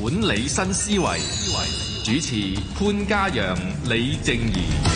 管理新思維，主持潘嘉陽、李靜宜。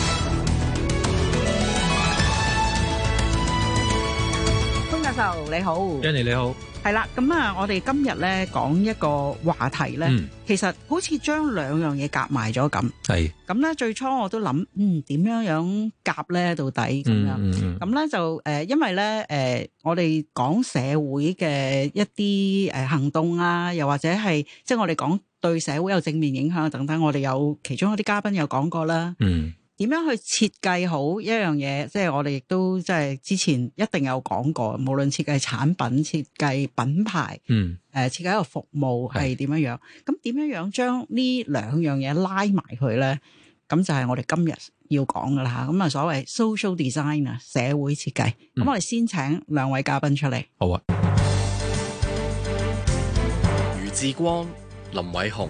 Hello 你好，Jenny 你好，係啦，咁啊，我哋今日咧講一個話題咧，其實好似將兩樣嘢夾埋咗咁，係，咁咧最初我都諗，嗯，點樣樣夾咧到底咁樣，咁咧就誒，因為咧誒，我哋講社會嘅一啲誒行動啊，又或者係即係我哋講對社會有正面影響等等，我哋有其中一啲嘉賓有講過啦，嗯。點樣去設計好一樣嘢？即係我哋亦都即係之前一定有講過，無論設計產品、設計品牌，嗯，誒、呃，設計一個服務係點樣樣？咁點樣樣將呢兩樣嘢拉埋佢咧？咁就係我哋今日要講噶啦。咁啊，所謂 social design 啊，社會設計。咁、嗯、我哋先請兩位嘉賓出嚟。好啊，余志光、林偉雄、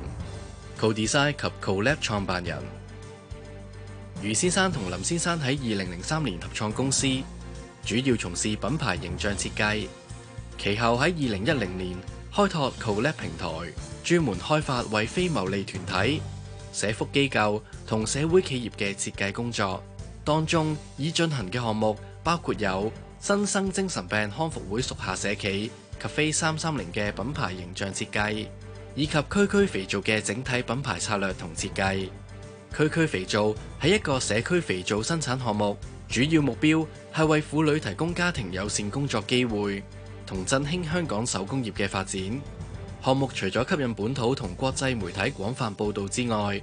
CoDesign 及 CoLAB 創辦人。余先生同林先生喺二零零三年合創公司，主要從事品牌形象設計。其後喺二零一零年開拓 CoLAB 平台，專門開發為非牟利團體、社福機構同社會企業嘅設計工作。當中已進行嘅項目包括有新生精神病康復會屬下社企及 Café 330嘅品牌形象設計，以及區區肥皂嘅整體品牌策略同設計。區區肥皂係一個社區肥皂生產項目，主要目標係為婦女提供家庭友善工作機會，同振興香港手工業嘅發展。項目除咗吸引本土同國際媒體廣泛報道之外，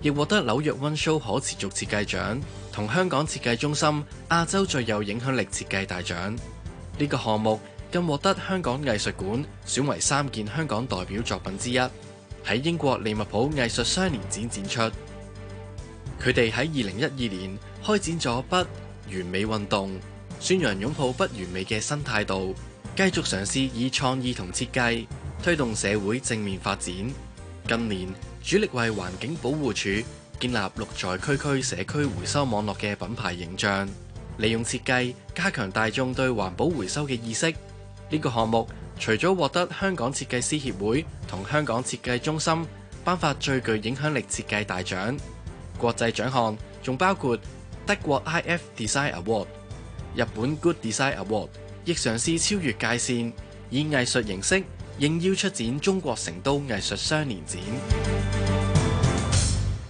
亦獲得紐約 One Show 可持續設計獎同香港設計中心亞洲最有影響力設計大獎。呢、這個項目更獲得香港藝術館選為三件香港代表作品之一，喺英國利物浦藝術雙年展展出。佢哋喺二零一二年開展咗不完美運動，宣揚擁抱不完美嘅新態度，繼續嘗試以創意同設計推動社會正面發展。近年主力為環境保護署建立六在區區社區回收網絡嘅品牌形象，利用設計加強大眾對環保回收嘅意識。呢個項目除咗獲得香港設計師協會同香港設計中心頒發最具影響力設計大獎，國際獎項，仲包括德國 IF Design Award、日本 Good Design Award，亦嘗試超越界線，以藝術形式應邀出展中國成都藝術雙年展。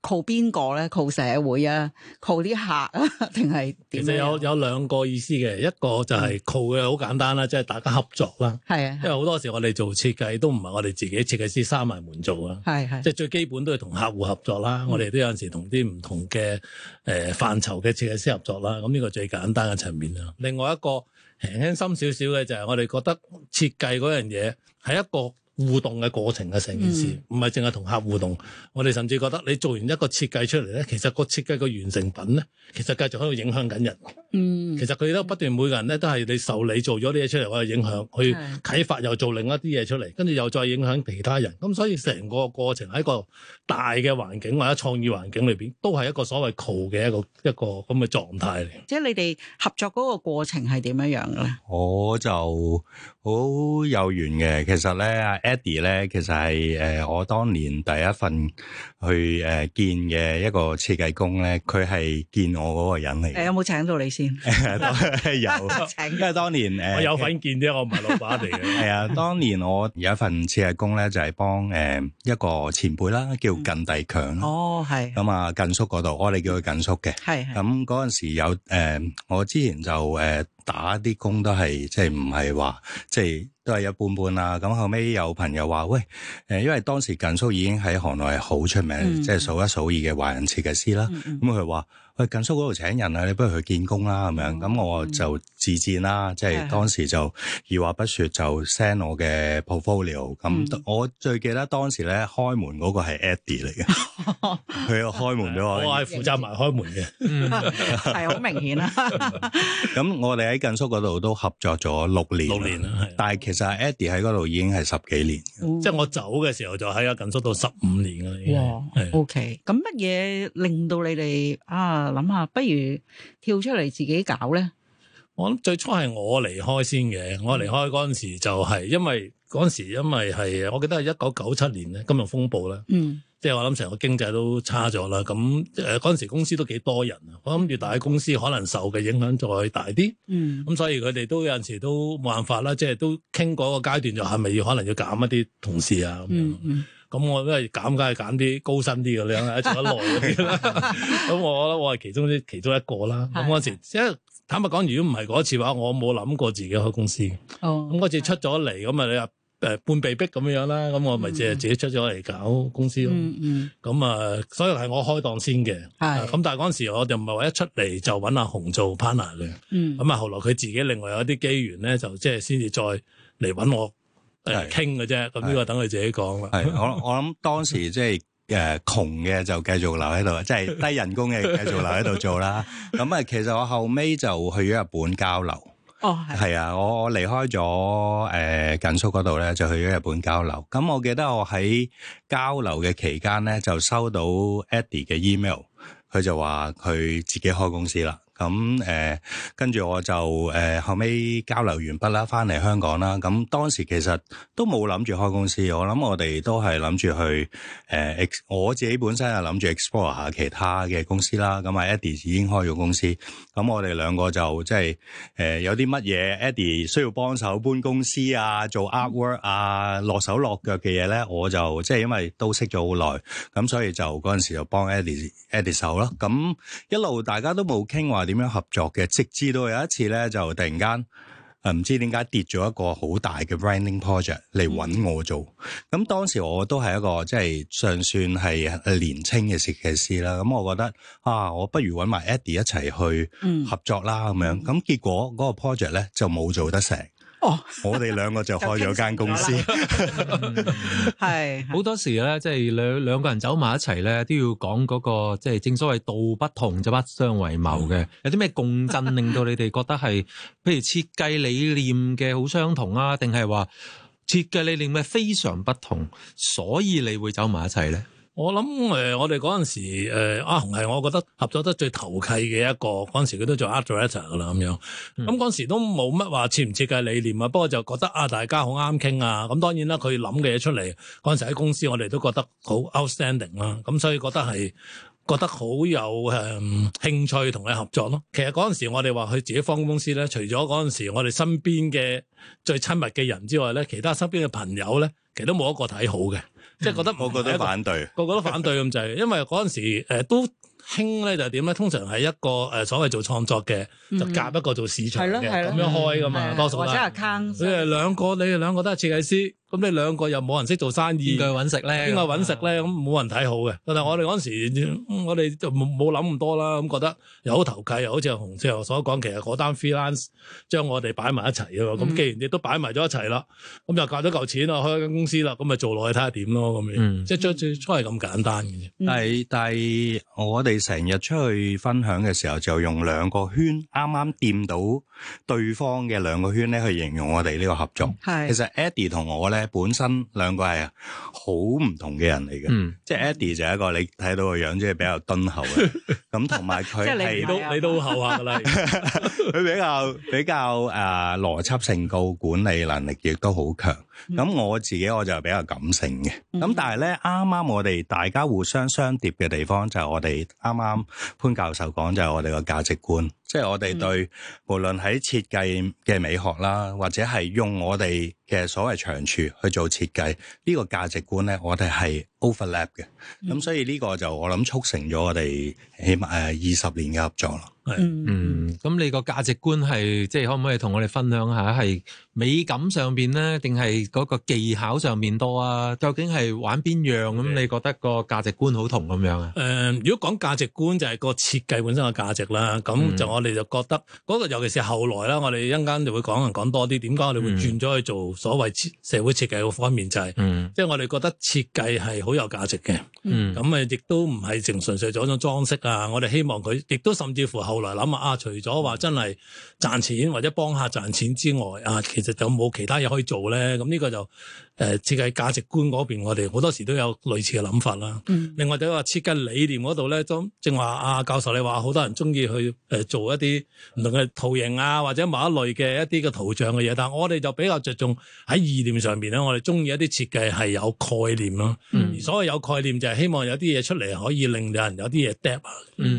靠邊個咧？靠社會啊？靠啲客啊？定係點？其實有有兩個意思嘅，一個就係靠嘅好簡單啦，即係大家合作啦。係啊，因為好多時我哋做設計都唔係我哋自己設計師閂埋門做啊。係係，即係最基本都係同客戶合作啦。是的 我哋都有陣時同啲唔同嘅誒範疇嘅設計師合作啦。咁呢個最簡單嘅層面啦。另外一個輕輕深少少嘅就係我哋覺得設計嗰樣嘢係一個。互動嘅過程嘅成件事，唔係淨係同客互動。我哋甚至覺得你做完一個設計出嚟咧，其實個設計個完成品咧，其實繼續喺度影響緊人。嗯，其實佢都不斷每個人咧都係你受你做咗啲嘢出嚟，我又影響去啟發又做另一啲嘢出嚟，跟住又再影響其他人。咁所以成個過程喺個大嘅環境或者創意環境裏邊，都係一個所謂 co 嘅一個一個咁嘅狀態嚟。即係你哋合作嗰個過程係點樣樣嘅咧？我就。好有緣嘅，其實咧，阿 Eddie 咧，其實係誒我當年第一份去誒見嘅一個設計工咧，佢係見我嗰個人嚟。誒，有冇請到你先？有，請。因為當年誒，我有份見啫，我唔係老闆嚟嘅。係啊，當年我有一份設計工咧，就係幫誒一個前輩啦，叫靳埭強。哦，係。咁啊，靳叔嗰度，我哋叫佢靳叔嘅。係係。咁嗰陣時有誒，我之前就誒打啲工都係即係唔係話。即都係一半半啦，啊，咁後尾有朋友話：「喂，誒，因為當時靳叔已經喺行內好出名，嗯嗯即係數一數二嘅華人設計師啦。咁佢話：喂，近叔嗰度請人啊，你不如去見工啦，咁樣。咁我就自薦啦，即係當時就二話不說就 send 我嘅 portfolio。咁我最記得當時咧開門嗰個係 Eddie 嚟嘅，佢開門俾我。我係負責埋開門嘅，係好明顯啦。咁我哋喺近叔嗰度都合作咗六年，六年啦。但係其實 Eddie 喺嗰度已經係十幾年，即係我走嘅時候就喺阿近叔度十五年啦。哇，OK。咁乜嘢令到你哋啊？諗下，不如跳出嚟自己搞咧。我諗最初係我離開先嘅。我離開嗰陣時就係因為嗰陣時，因為係我記得係一九九七年咧，金融風暴啦，嗯，即係我諗成個經濟都差咗啦。咁誒嗰陣時公司都幾多人，我諗越大啲公司可能受嘅影響再大啲，嗯，咁所以佢哋都有陣時都冇辦法啦，即係都傾嗰個階段就係咪要可能要減一啲同事啊咁樣。咁我都係揀，梗係揀啲高薪啲咁樣，做得耐嗰啲啦。咁 我覺得我係其中啲其中一個啦。咁嗰時，即係的坦白講，如果唔係嗰次話，我冇諗過自己開公司。哦，咁嗰次出咗嚟，咁啊誒半被逼咁樣啦。咁我咪即係自己出咗嚟搞公司咯。咁啊、嗯，所以係我開檔先嘅。係的。咁、啊、但係嗰陣時，我就唔係話一出嚟就揾阿紅做 partner 嘅、嗯。咁啊，後來佢自己另外有啲機緣咧，就即係先至再嚟揾我。傾嘅啫，咁呢個等佢自己講啦。係我我諗當時即係誒窮嘅就繼續留喺度，即係低人工嘅繼續留喺度做啦。咁啊，其實我後尾就去咗日本交流。哦，係。係啊，我我離開咗誒緊縮嗰度咧，就去咗日本交流。咁我記得我喺交流嘅期間咧，就收到 Eddie 嘅 email，佢就話佢自己開公司啦。咁誒，跟住我就誒後尾交流完畢啦，翻嚟香港啦。咁當時其實都冇諗住開公司，我諗我哋都係諗住去誒，我自己本身係諗住 explore 下其他嘅公司啦。咁阿 Eddie 已經開咗公司，咁我哋兩個就即係誒有啲乜嘢 Eddie 需要幫手搬公司啊、做 artwork 啊、落手落腳嘅嘢咧，我就即係因為都識咗好耐，咁所以就嗰陣時就幫 Eddie Eddie 手咯。咁一路大家都冇傾話點樣合作嘅，直至到有一次咧，就突然間唔知點解跌咗一個好大嘅 branding project 嚟搵我做。咁、嗯、當時我都係一個即係尚算係年青嘅設計師啦。咁我覺得啊，我不如搵埋 Eddie 一齊去合作啦，咁、嗯、樣。咁結果嗰個 project 咧就冇做得成。哦，oh, 我哋兩個就開咗間公司、 嗯，係好 多時咧，即係兩兩個人走埋一齊咧，都要講嗰、那個即係、就是、正所謂道不同就不相為謀嘅。有啲咩共振令到你哋覺得係，譬如設計理念嘅好相同啊，定係話設計理念嘅非常不同，所以你會走埋一齊咧？我諗誒、呃，我哋嗰陣時阿、呃、雄係我覺得合作得最投契嘅一個。嗰陣時佢都做 art director 嘅啦，咁樣。咁嗰陣時都冇乜話設唔設計理念啊。不過就覺得啊，大家好啱傾啊。咁、嗯、當然啦，佢諗嘅嘢出嚟嗰陣時喺公司，我哋都覺得好 outstanding 啦、啊。咁、嗯、所以覺得係覺得好有誒、嗯、興趣同佢合作咯。其實嗰陣時我哋話佢自己方公司咧，除咗嗰陣時我哋身邊嘅最親密嘅人之外咧，其他身邊嘅朋友咧，其實都冇一個睇好嘅。 即係覺得個， 個個都反對，個個都反對咁就係。因為嗰陣時誒都興咧就係點咧？通常係一個誒所謂做創作嘅，嗯嗯就夾一個做市場嘅咁、嗯嗯、樣開噶嘛，嗯、多數啦。或者係坑，你哋兩個你哋兩個都係設計師。咁你兩個又冇人識做生意，邊個揾食咧？邊個揾食咧？咁、啊、冇人睇好嘅。但係我哋嗰陣時，我哋就冇冇諗咁多啦。咁覺得又好投契，又好似洪志豪所講，其實嗰單 freelance 將我哋擺埋一齊嘅。咁、嗯、既然亦都擺埋咗一齊啦，咁就夾咗嚿錢咯，開間公司啦，咁咪做落去睇下點咯。咁樣、將嗯、即係最初係咁簡單嘅啫、嗯。但係但係我哋成日出去分享嘅時候，就用兩個圈啱啱掂到，對方嘅兩個圈咧，去形容我哋呢個合作。係是其實 Eddie 同我咧，本身兩個係好唔同嘅人嚟嘅。嗯，即係 Eddie 就係一個你睇到個樣，即係比較敦厚嘅。咁同埋佢係你都你都厚下啦。佢 比較比較誒邏輯性高，管理能力亦都好強。咁、嗯、我自己我就比較感性嘅，咁、嗯、但係咧啱啱我哋大家互相相疊嘅地方就係我哋啱啱潘教授講，就係我哋個價值觀，即、就、係、是、我哋對、嗯、無論喺設計嘅美學啦，或者係用我哋嘅所謂長處去做設計，呢個價值觀咧，我哋係 overlap 嘅。咁所以呢個就我諗促成咗我哋起碼二十年嘅合作咯。嗯，咁你個價值觀係即係可唔可以同我哋分享下？係美感上邊咧，定係嗰個技巧上面多啊？究竟係玩邊樣咁？你覺得個價值觀好同咁樣啊？誒，如果講價值觀，就係個設計本身嘅價值啦。咁就我哋就覺得嗰個，尤其是後來啦，我哋一陣間就會講人講多啲。點解我哋會轉咗去做？所謂設社會設計個方面就係、是，嗯、即係我哋覺得設計係好有價值嘅，咁啊亦都唔係淨純粹做一種裝飾啊。我哋希望佢亦都甚至乎後來諗下啊，除咗話真係賺錢或者幫客賺錢之外，啊其實就有冇其他嘢可以做咧？咁呢個就誒、呃、設計價值觀嗰邊，我哋好多時都有類似嘅諗法啦。嗯、另外就話設計理念嗰度咧，都正話啊教授你話好多人中意去誒做一啲唔同嘅圖形啊或者某一類嘅一啲嘅圖像嘅嘢，但係我哋就比較着重。喺意念上面咧，我哋中意一啲設計係有概念咯。而所謂有概念就係希望有啲嘢出嚟可以令到人有啲嘢 drop，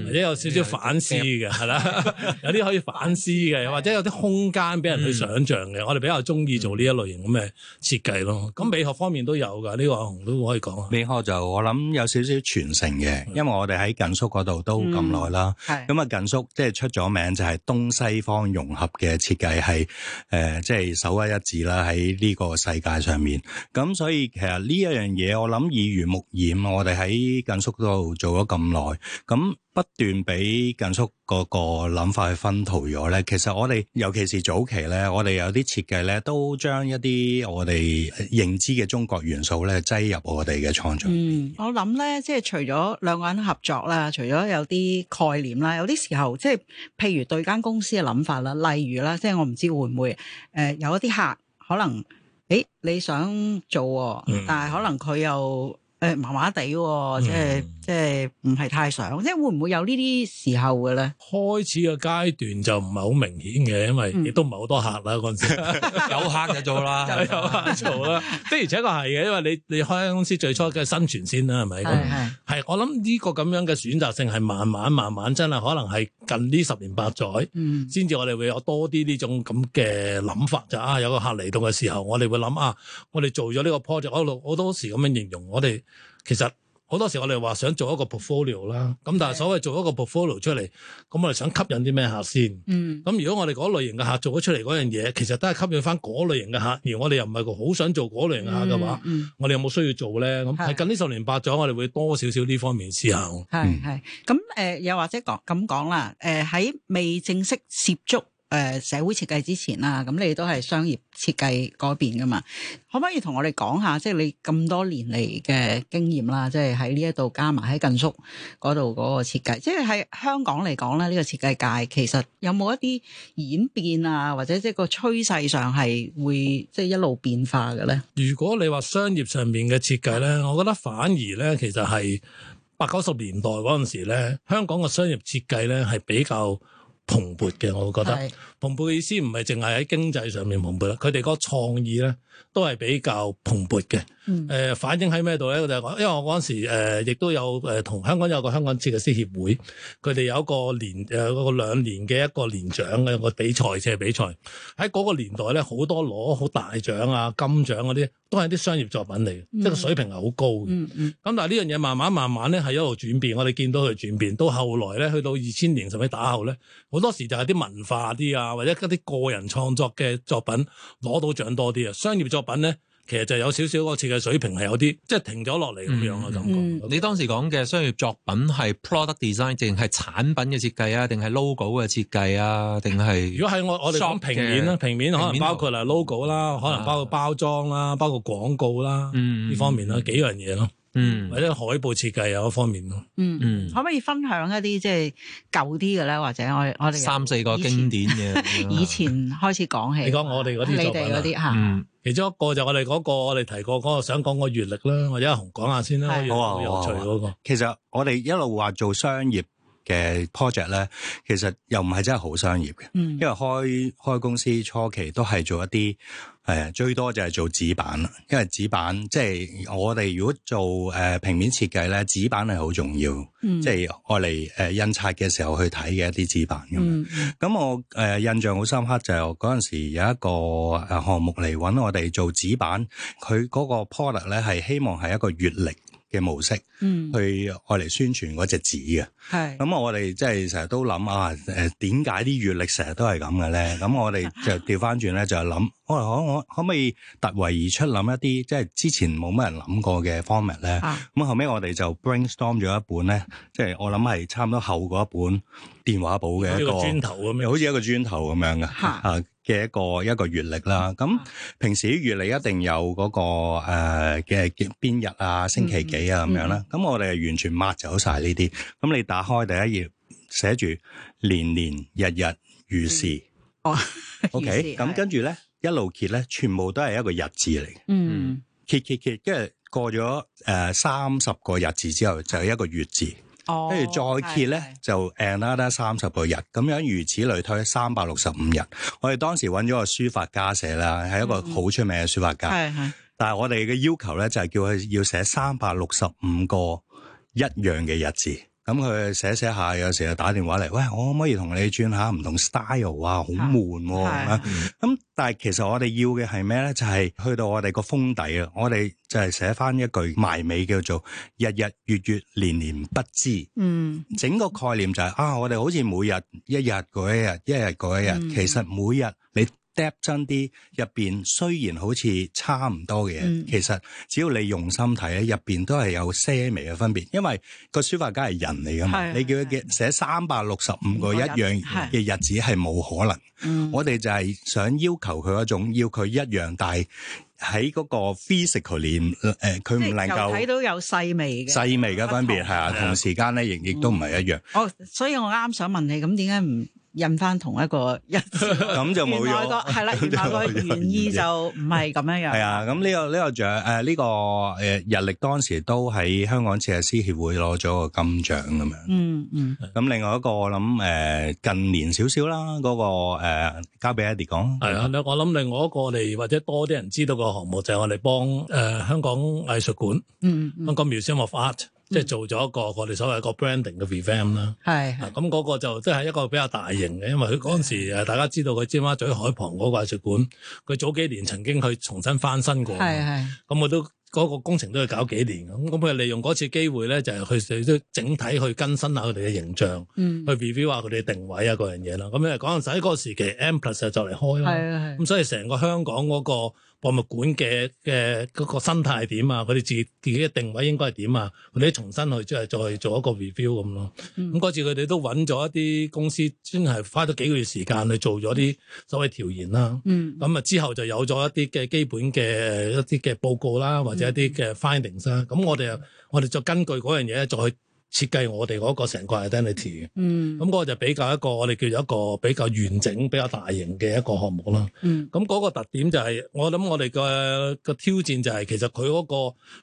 或者有少少反思嘅係啦。有啲可以反思嘅，或者有啲空間俾人去想象嘅。我哋比較中意做呢一類型咁嘅設計咯。咁美學方面都有噶，呢個雄都可以講。美學就我諗有少少傳承嘅，因為我哋喺靳叔嗰度都咁耐啦。咁啊靳叔即係出咗名就係東西方融合嘅設計係誒，即係首屈一指啦，係。喺呢個世界上面，咁所以其實呢一樣嘢，我諗耳濡目染，我哋喺靳叔度做咗咁耐，咁不斷俾靳叔嗰個諗法去薰陶咗咧。其實我哋尤其是早期咧，我哋有啲設計咧，都將一啲我哋認知嘅中國元素咧，擠入我哋嘅創作。嗯，我諗咧，即係除咗兩個人合作啦，除咗有啲概念啦，有啲時候即係譬如對間公司嘅諗法啦，例如啦，即係我唔知會唔會誒有一啲客。可能，誒，你想做，哦，但係可能佢又。誒，麻麻地，即係即係唔係太想，即係會唔會有呢啲時候嘅咧？開始嘅階段就唔係好明顯嘅，因為亦都唔係好多客啦。嗰陣時有客就做啦，有客做啦。的而且確係嘅，因為你你開間公司最初嘅生存先啦，係咪？係係我諗呢個咁樣嘅選擇性係慢慢慢慢，真係可能係近呢十年八載，先至我哋會有多啲呢種咁嘅諗法，就啊有個客嚟到嘅時候，我哋會諗啊，我哋做咗呢個 project，我好多時咁樣形容我哋。其實好多時我哋話想做一個 portfolio 啦，咁但係所謂做一個 portfolio 出嚟，咁我哋想吸引啲咩客先？嗯，咁如果我哋嗰類型嘅客做咗出嚟嗰樣嘢，其實都係吸引翻嗰類型嘅客，而我哋又唔係好想做嗰類型嘅客嘅話，嗯嗯、我哋有冇需要做咧？咁喺的近呢十年八載，我哋會多少少呢方面思考。係係，咁誒，又、嗯呃、或者講咁講啦，誒，喺、呃、未正式涉足。誒社會設計之前啦，咁你都係商業設計嗰邊噶嘛？可唔可以同我哋講下，即係你咁多年嚟嘅經驗啦，即係喺呢一度加埋喺近宿嗰度嗰個設計，即係喺香港嚟講咧，呢個設計界其實有冇一啲演變啊，或者即係個趨勢上係會即係一路變化嘅咧？如果你話商業上面嘅設計咧，我覺得反而咧，其實係八九十年代嗰陣時咧，香港嘅商業設計咧係比較蓬勃嘅，我覺得是蓬勃嘅意思唔係淨係喺經濟上面蓬勃啦，佢哋個創意咧都係比較蓬勃嘅。誒、嗯呃、反映喺咩度咧？就係講，因為我嗰陣時、呃、亦都有誒同、呃、香港有個香港設計師協會，佢哋有一個年誒嗰個兩年嘅一個年獎嘅一個比賽，即係比賽。喺嗰個年代咧，好多攞好大獎啊、金獎嗰啲，都係啲商業作品嚟嘅，嗯、即係個水平係好高嘅。咁、嗯嗯、但係呢樣嘢慢慢慢慢咧係一路轉變，我哋見到佢轉變到後來咧，去到二千年甚至打後咧，好多時就係啲文化啲啊，或者一啲個人創作嘅作品攞到獎多啲啊，商業作品咧。其實就有少少個設計水平係有啲，即係停咗落嚟咁樣嘅感覺。你當時講嘅商業作品係 product design，淨係產品嘅設計啊？定係 logo 嘅設計啊？定係如果係我我哋嘅平面啦，平面可能包括啦 logo 啦，可能包括包裝啦，包括廣告啦，呢方面啦，幾樣嘢咯。嗯，或者海報設計啊嗰方面咯。嗯嗯，可唔可以分享一啲即係舊啲嘅咧？或者我我哋三四個經典嘅以前開始講起。你講我哋嗰啲作品啦。嗯。其中一個就我哋嗰，那個，我哋提過嗰，那個想講個閲歷啦，或者阿雄講下先啦，好啊，嗯，有，有，哦、有趣嗰，那個、哦哦。其實我哋一路話做商業嘅 project 咧，其實又唔係真係好商業嘅，嗯、因為開開公司初期都係做一啲。係最多就係做紙板，因為紙板即係、就是、我哋如果做誒平面設計咧，紙板係好重要。即係愛嚟誒印刷嘅時候去睇嘅一啲紙板咁咁、嗯、我誒印象好深刻就係嗰陣時有一個誒項目嚟揾我哋做紙板，佢嗰個 product 咧係希望係一個月曆。嘅模式去，去愛嚟宣傳嗰隻紙嘅，係咁我哋即係成日都諗啊，誒點解啲月曆成日都係咁嘅咧？咁我哋就調翻轉咧，就諗， 可可可可唔可以突圍而出諗一啲即係之前冇乜人諗過嘅方面咧？咁 後尾我哋就 brainstorm 咗一本咧，即係我諗係差唔多厚嗰一本電話簿嘅一個，好似 一個磚頭咁樣嘅，吓。 嘅一個一個月曆啦，咁平時月曆一定有嗰、那個嘅邊、呃、日啊、星期幾啊咁、嗯嗯、樣啦，咁我哋係完全抹走晒呢啲。咁你打開第一頁，寫住年年日日如是、嗯，哦 ，OK 時。咁跟住咧一路揭咧，全部都係一個日字嚟嘅。嗯，揭揭、嗯、揭，跟住過咗誒三十個日字之後，就係、是、一個月字。跟住再揭咧，的就 another 三十個日，咁樣如此類推三百六十五日。我哋當時揾咗個書法家寫啦，係、嗯、一個好出名嘅書法家。係的，係。但係我哋嘅要求咧，就係、是、叫佢要寫三百六十五個一樣嘅日子。咁佢寫寫下，有時又打電話嚟，喂，我可唔可以同你轉下？唔同 style 啊，好悶喎。咁但係其實我哋要嘅係咩咧？就係去到我哋個封底啊，我哋就係寫返一句埋尾叫做日日月月年年不知。嗯，整個概念就係啊，我哋好似每日一日過一日，一日過一日，其實每日你。depth 真啲入邊，雖然好似差唔多嘅嘢，其實只要你用心睇咧，入邊都係有些微嘅分別。因為個書法家係人嚟噶嘛，你叫佢寫三百六十五個一樣嘅日子係冇可能。我哋就係想要求佢一種，要佢一樣，但係喺嗰個 physical 面，佢唔能夠睇到有細微嘅細微嘅分別係啊，同時間咧，亦都唔係一樣。哦，所以我啱啱想問你，咁點解唔？印翻同一個印，原來個係啦，原來個原意就唔係咁樣樣。係啊，咁呢個呢個獎，誒呢個誒，日曆當時都喺香港設計師協會攞咗個金獎，咁樣。嗯嗯。咁另外一個我諗誒近年少少啦，嗰個誒交俾 Eddie 講。係啊，我諗另外一個你或者多啲人知道個項目就係我哋幫誒香港藝術館，香港 Museum of Art。 即係做咗一個我哋所謂一個 branding 嘅 revamp 啦，係咁嗰個就即係一個比較大型嘅，因為佢嗰陣時大家知道佢尖沙咀海旁嗰個藝術館，佢 早幾年曾經去重新翻新過，係係咁我都嗰個工程都要搞幾年咁，咁佢利用嗰次機會咧就係去整體去更新下佢哋嘅形象，去 revive 下佢哋定位啊嗰樣嘢啦。咁因為嗰陣時喺嗰個時期，Amplus 就嚟開啦，係係咁，所以成個香港嗰個。博物館嘅嘅嗰個心態係點啊，佢哋自自己嘅定位應該係點啊，佢哋重新去即係再做一個 review 咁咯、嗯。咁嗰次佢哋都揾咗一啲公司，先係花咗幾個月時間去做咗啲所謂調研啦。咁啊、嗯嗯嗯、之後就有咗一啲嘅基本嘅一啲嘅報告啦、啊，或者一啲嘅 findings 啦、啊。咁、嗯嗯、我哋我哋再根據嗰樣嘢再。設計我哋嗰個成個 identity 嘅、嗯，咁嗰個就比較一個我哋叫做一個比較完整、比較大型嘅一個項目啦。咁嗰、嗯、個特點就係、是，我諗我哋嘅個挑戰就係，其實佢嗰個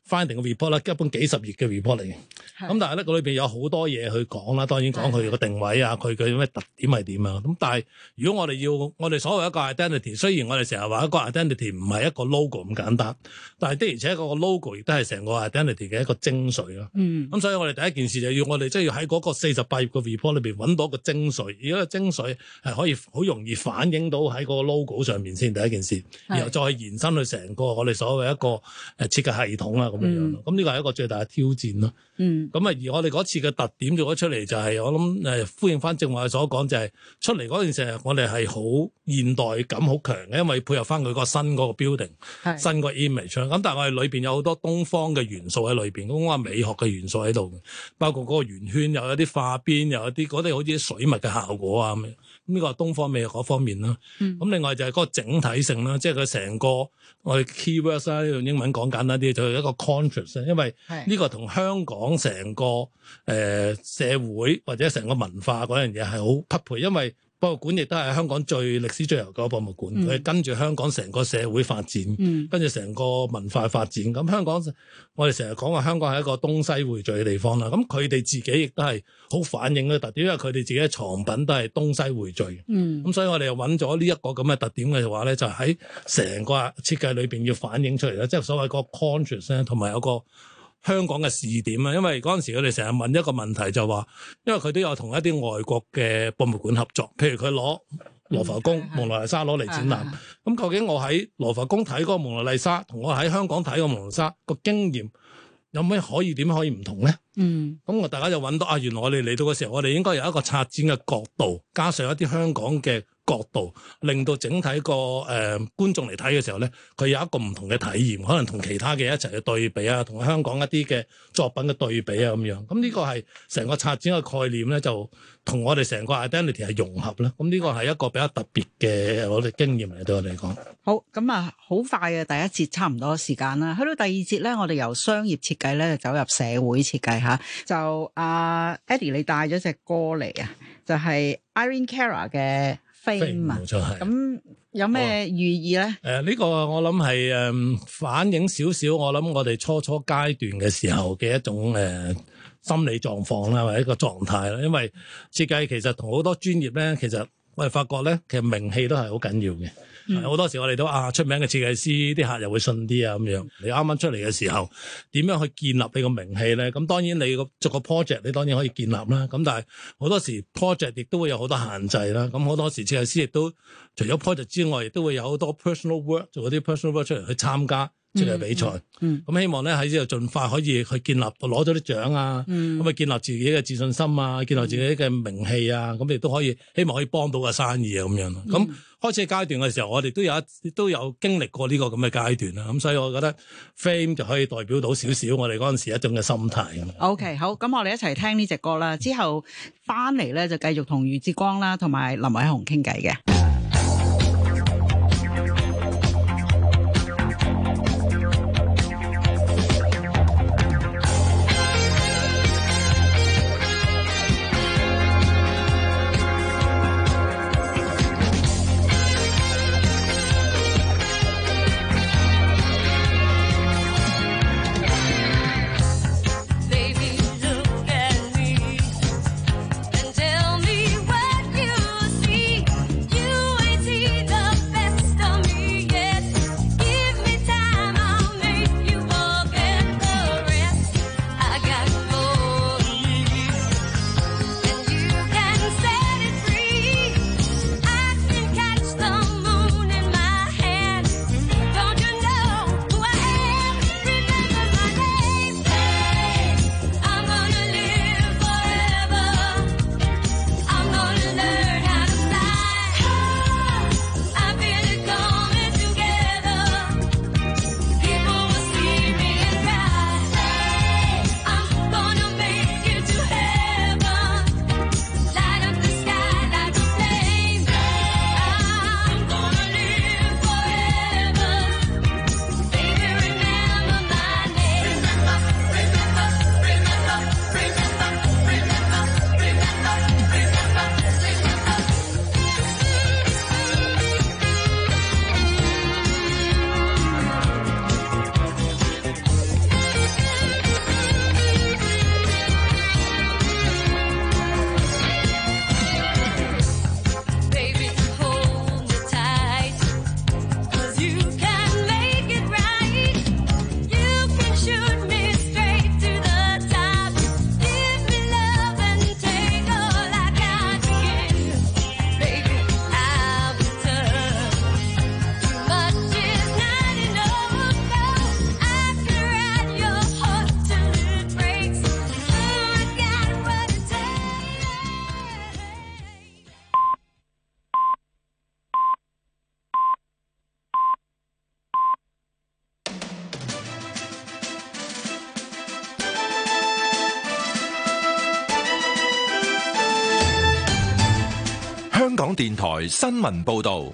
finding 嘅 report 咧，基本幾十頁嘅 report 嚟嘅。咁是、嗯、但係咧，個裏邊有好多嘢去講啦。當然講佢嘅定位啊，佢嘅咩特點係點啊。咁、嗯、但係，如果我哋要我哋所謂一個 identity，雖然我哋成日話一個 identity 唔係一個 logo 咁簡單，但係的而且確個 logo 亦都係成個 identity 嘅一個精髓咯。咁、嗯、所以我哋第一件事。要我哋即係要喺嗰個四十八頁嘅 report 裏邊揾到一個精髓，而嗰個精髓係可以好容易反映到喺個 logo 上面先第一件事，然後再延伸去成個我哋所謂一個誒設計系統啊，咁樣樣，咁呢個係一個最大嘅挑戰咯。咁啊、嗯、而我哋嗰次嘅特點做咗出嚟就係、是、我諗誒呼應翻正話所講就係、是、出嚟嗰件事係我哋係好現代感好強嘅，因為配合翻佢個新嗰個 building，新個 image。咁但係我哋裏邊有好多東方嘅元素喺裏邊，咁個美學嘅元素喺度。包括嗰個圓圈，又有一啲化邊，又有一啲嗰啲好似水墨嘅效果啊咁樣。咁、那、呢個東方美嗰、那個、方面啦。咁、嗯、另外就係嗰個整體性啦，即係佢成個我哋 key words 啦，用英文講簡單啲，就係、是、一個 contrast 因為呢個同香港成個誒、呃、社會或者成個文化嗰樣嘢係好匹配，因為。博物館亦都係香港最歷史最悠久嘅博物館。佢、嗯、跟住香港成個社會發展，嗯、跟住成個文化發展。咁香港，我哋成日講話香港係一個東西匯聚嘅地方啦。咁佢哋自己亦都係好反映嘅特點，因為佢哋自己嘅藏品都係東西匯聚。咁、嗯、所以我哋又揾咗呢一個咁嘅特點嘅話咧，就喺成個設計裏邊要反映出嚟啦。即係所謂個 conscious 咧，同埋有個。香港嘅試點啊，因為嗰陣時我哋成日問一個問題就話，因為佢都有同一啲外國嘅博物館合作，譬如佢攞羅浮宮、嗯、蒙娜麗莎攞嚟展覽，咁究竟我喺羅浮宮睇嗰個蒙娜麗莎，同我喺香港睇個蒙娜麗莎個經驗有咩可以點可以唔同咧？嗯，咁我、嗯、大家就揾到啊，原來我哋嚟到嘅時候，我哋應該有一個策展嘅角度，加上一啲香港嘅。角度令到整體個誒、呃、觀眾嚟睇嘅時候咧，佢有一個唔同嘅體驗，可能同其他嘅一齊去對比啊，同香港一啲嘅作品嘅對比啊咁樣。咁、嗯、呢、呢個係成個策展嘅概念咧，就同我哋成個 identity 係融合啦。咁、嗯、呢、呢個係一個比較特別嘅我哋經驗嚟對我哋講。好咁啊，好快啊！第一節差唔多時間啦，去到第二節咧，我哋由商業設計咧走入社會設計嚇。就阿 Eddie 你帶咗隻歌嚟啊，Eddie，就係、是、Irene Cara 嘅。Fame 嘛，冇錯，咁有咩寓意咧？誒，呢個我諗係誒反映少少，我諗我哋初初階段嘅時候嘅一種誒心理狀況啦，或者一個狀態啦。因為設計其實同好多專業咧，其實我哋發覺咧，其實名氣都係好緊要嘅。好、嗯、多時我哋都啊出名嘅設計師，啲客又會信啲啊咁樣。你啱啱出嚟嘅時候，點樣去建立你個名氣咧？咁當然你個做個 project，你當然可以建立啦。咁但係好多時 project 亦都，都，都會有好多限制啦。咁好多時設計師亦都除咗 project 之外，亦都會有好多 personal work，做嗰啲 personal work 出嚟去參加設計比賽。咁、嗯嗯、希望咧喺呢度盡快可以去建立攞咗啲獎啊，咁啊、嗯、建立自己嘅自信心啊，建立自己嘅名氣啊，咁亦都可以希望可以幫到個生意啊咁樣咯。咁、嗯開始階段嘅時候，我哋都有都有經歷過呢個咁嘅階段啦，咁所以我覺得 frame 就可以代表到少少我哋嗰陣時一種嘅心態。OK，好，咁我哋一齊聽呢隻歌啦，之後翻嚟咧就繼續同余志光啦，同埋林偉雄傾偈嘅。電台新聞報道，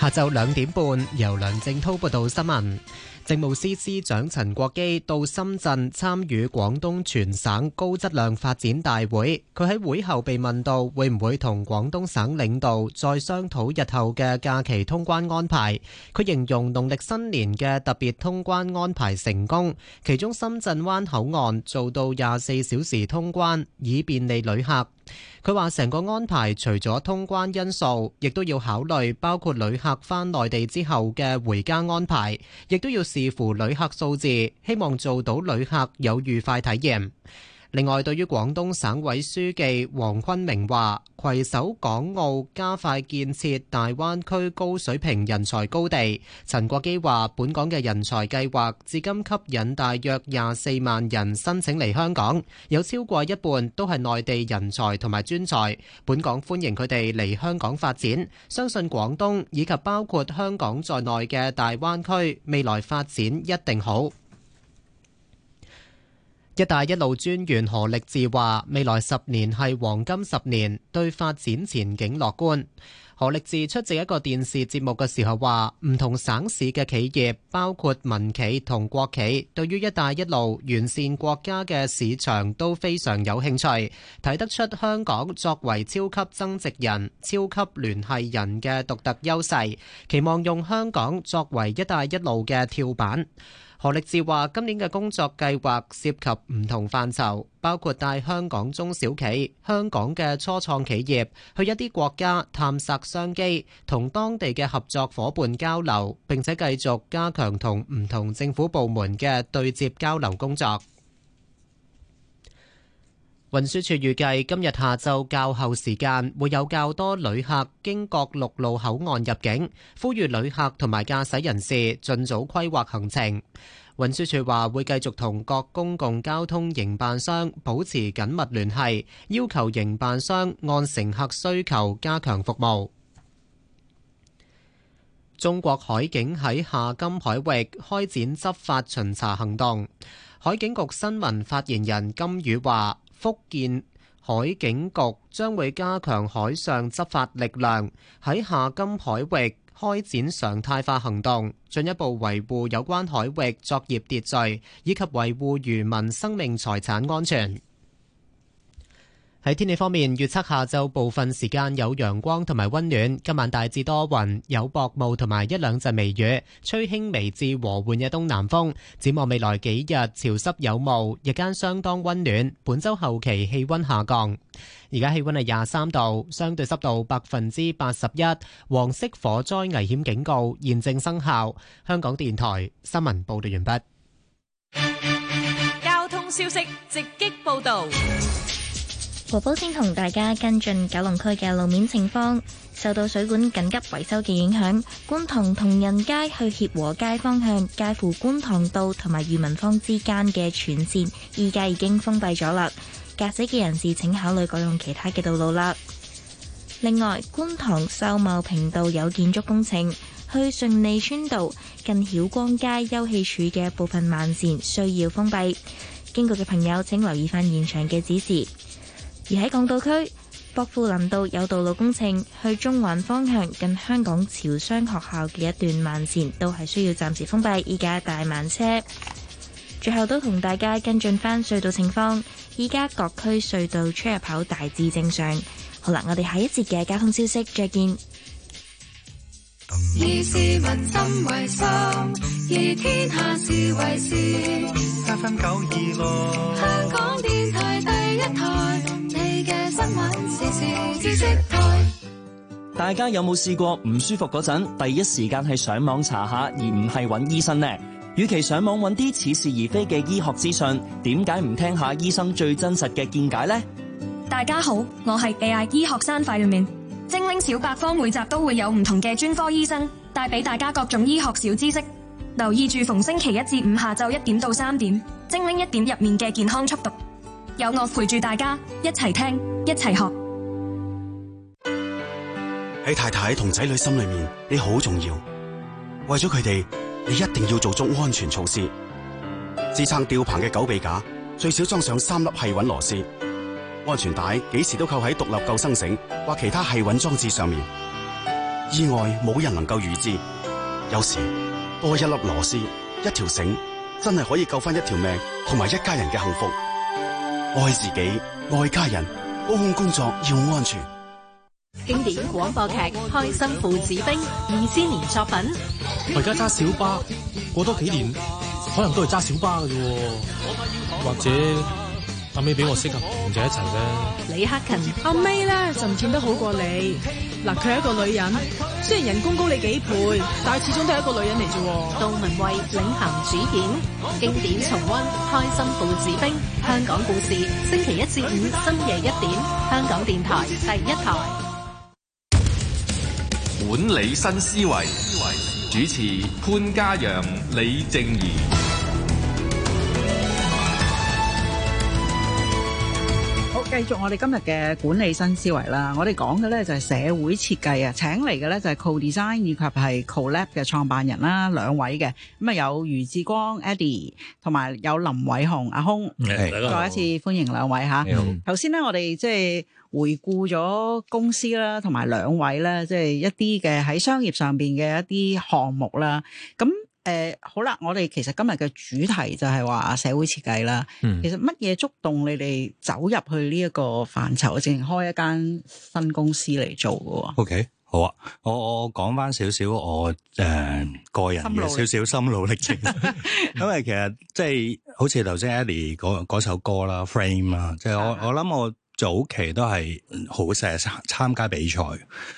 下晝兩點半由梁靜濤報道新聞。政務司司長陳國基到深圳參與廣東全省高質量發展大會，佢喺會後被問到會唔會同廣東省領導再商討日後嘅假期通關安排。佢形容農曆新年嘅特別通關安排成功，其中深圳灣口岸做到廿四小時通關，以便利旅客。佢話：成個安排除咗通關因素，亦都要考慮包括旅客返內地之後嘅回家安排，亦都要視乎旅客數字，希望做到旅客有愉快體驗。另外，對於廣東省委書記黃坤明話：攜手港澳，加快建設大灣區高水平人才高地。陳國基話：本港嘅人才計劃至今吸引大約廿四萬人申請嚟香港，有超過一半都係內地人才同埋專才。本港歡迎佢哋嚟香港發展，相信廣東以及包括香港在內嘅大灣區未來發展一定好。“一帶一路”專員何力智話：未來十年係黃金十年，對發展前景樂觀。何力智出席一個電視節目嘅時候話：唔同省市嘅企業，包括民企同國企，對於“一帶一路”完善國家嘅市場都非常有興趣，睇得出香港作為超級增值人、超級聯繫人嘅獨特優勢，期望用香港作為“一帶一路”嘅跳板。何力志，話今年嘅工作計劃涉及唔同範疇，包括帶香港中小企、香港嘅初創企業去一啲國家探索商機，同當地嘅合作伙伴交流，並且繼續加強同唔同政府部門嘅對接交流工作。運輸處預計今日下晝較後時間會有較多旅客經各陸路口岸入境，呼籲旅客同埋駕駛人士盡早規劃行程。運輸處話會繼續同各公共交通營辦商保持緊密聯繫，要求營辦商按乘客需求加強服務。中國海警喺夏金海域開展執法巡查行動。海警局新聞發言人金宇話。福建海警局將會加強海上執法力量，喺廈金海域開展常態化行動，進一步維護有關海域作業秩序，以及維護漁民生命財產安全。喺天氣方面，預測下晝部分時間有陽光同埋溫暖，今晚大致多雲，有薄霧同埋一兩陣微雨，吹輕微至和緩嘅東南風。展望未來幾日，潮濕有霧，日間相當溫暖。本周後期氣溫下降。而家氣溫係廿三度，相對濕度百分之八十一，黃色火災危險警告現正生效。香港電台新聞報道完畢。交通消息直擊報道。禾寶先同大家跟進九龍區嘅路面情況，受到水管緊急維修嘅影響，觀塘同仁街去協和街方向介乎觀塘道同埋裕民坊之間嘅全線，而家已經封閉咗啦。駕駛嘅人士請考慮改用其他嘅道路啦。另外，觀塘秀茂坪道有建築工程，去順利村道近曉光街休憩處嘅部分慢線需要封閉，經過嘅朋友請留意翻現場嘅指示。而喺港島區，薄扶林道有道路工程，去中環方向近香港潮商學校嘅一段慢線都係需要暫時封閉，而家大慢車。最後都同大家跟進翻隧道情況，依家各區隧道出入口大致正常。好啦，我哋下一節嘅交通消息再見。以市民心為心，以天下事為事，香港電台第一台。新時時大家有冇試過唔舒服嗰陣，第一時間係上網查下，而唔係揾醫生呢？與其上網揾啲似是而非嘅醫學資訊，點解唔聽下醫生最真實嘅見解呢？大家好，我係 AI 醫學生塊面精靈小百科，每集都會有唔同嘅專科醫生帶俾大家各種醫學小知識。留意住逢星期一至五下晝一點到三點，精靈一點入面嘅健康速讀。有我陪住大家一齊聽一齊學，喺太太同仔女心裏面，你好重要。為咗佢哋，你一定要做足安全措施。支撐吊棚嘅狗臂架最少裝上三粒繫穩螺絲，安全帶幾時都扣喺獨立救生繩或其他繫穩裝置上面。意外冇人能夠預知，有時多一粒螺絲一條繩真係可以救返一條命同埋一家人嘅幸福。愛自己，愛家人，高空工作要安全。經典廣播劇《開心父子兵》，二千年作品。而家揸小巴，過多幾年，可能都係揸小巴㗎啫，或者。阿尾俾我識啊，唔就一齊咧。李克勤阿尾咧就唔見得好過你。嗱，佢係一個女人，雖然人工高你幾倍，但係始終都係一個女人嚟啫。杜文蔚，領銜主演，經典重溫，開心父子兵，香港故事，星期一至五深夜一點，香港電台第一台。管理新思維，主持潘嘉陽、李靜宜。繼續我哋今日嘅管理新思維啦，我哋講嘅咧就係社會設計啊，請嚟嘅咧就係 CoDesign 以及係 CoLAB 嘅創辦人啦，兩位嘅咁啊有余志光 Eddie 同埋有，有林偉雄阿空，好再一次歡迎兩位吓。頭先咧我哋即係回顧咗公司啦，同埋兩位咧即係一啲嘅喺商業上邊嘅一啲項目啦，咁。誒，好啦，我哋其實今日嘅主題就係話社會設計啦。其實乜嘢觸動你哋走入去呢一個範疇？淨開一間新公司嚟做嘅。OK，好啊，我我講翻少少我誒個人嘅少少心路歷程，因為其實即係好似頭先 Eddie 嗰嗰首歌啦，Frame 啊，即係我我諗我。早期都係好成日參加比賽，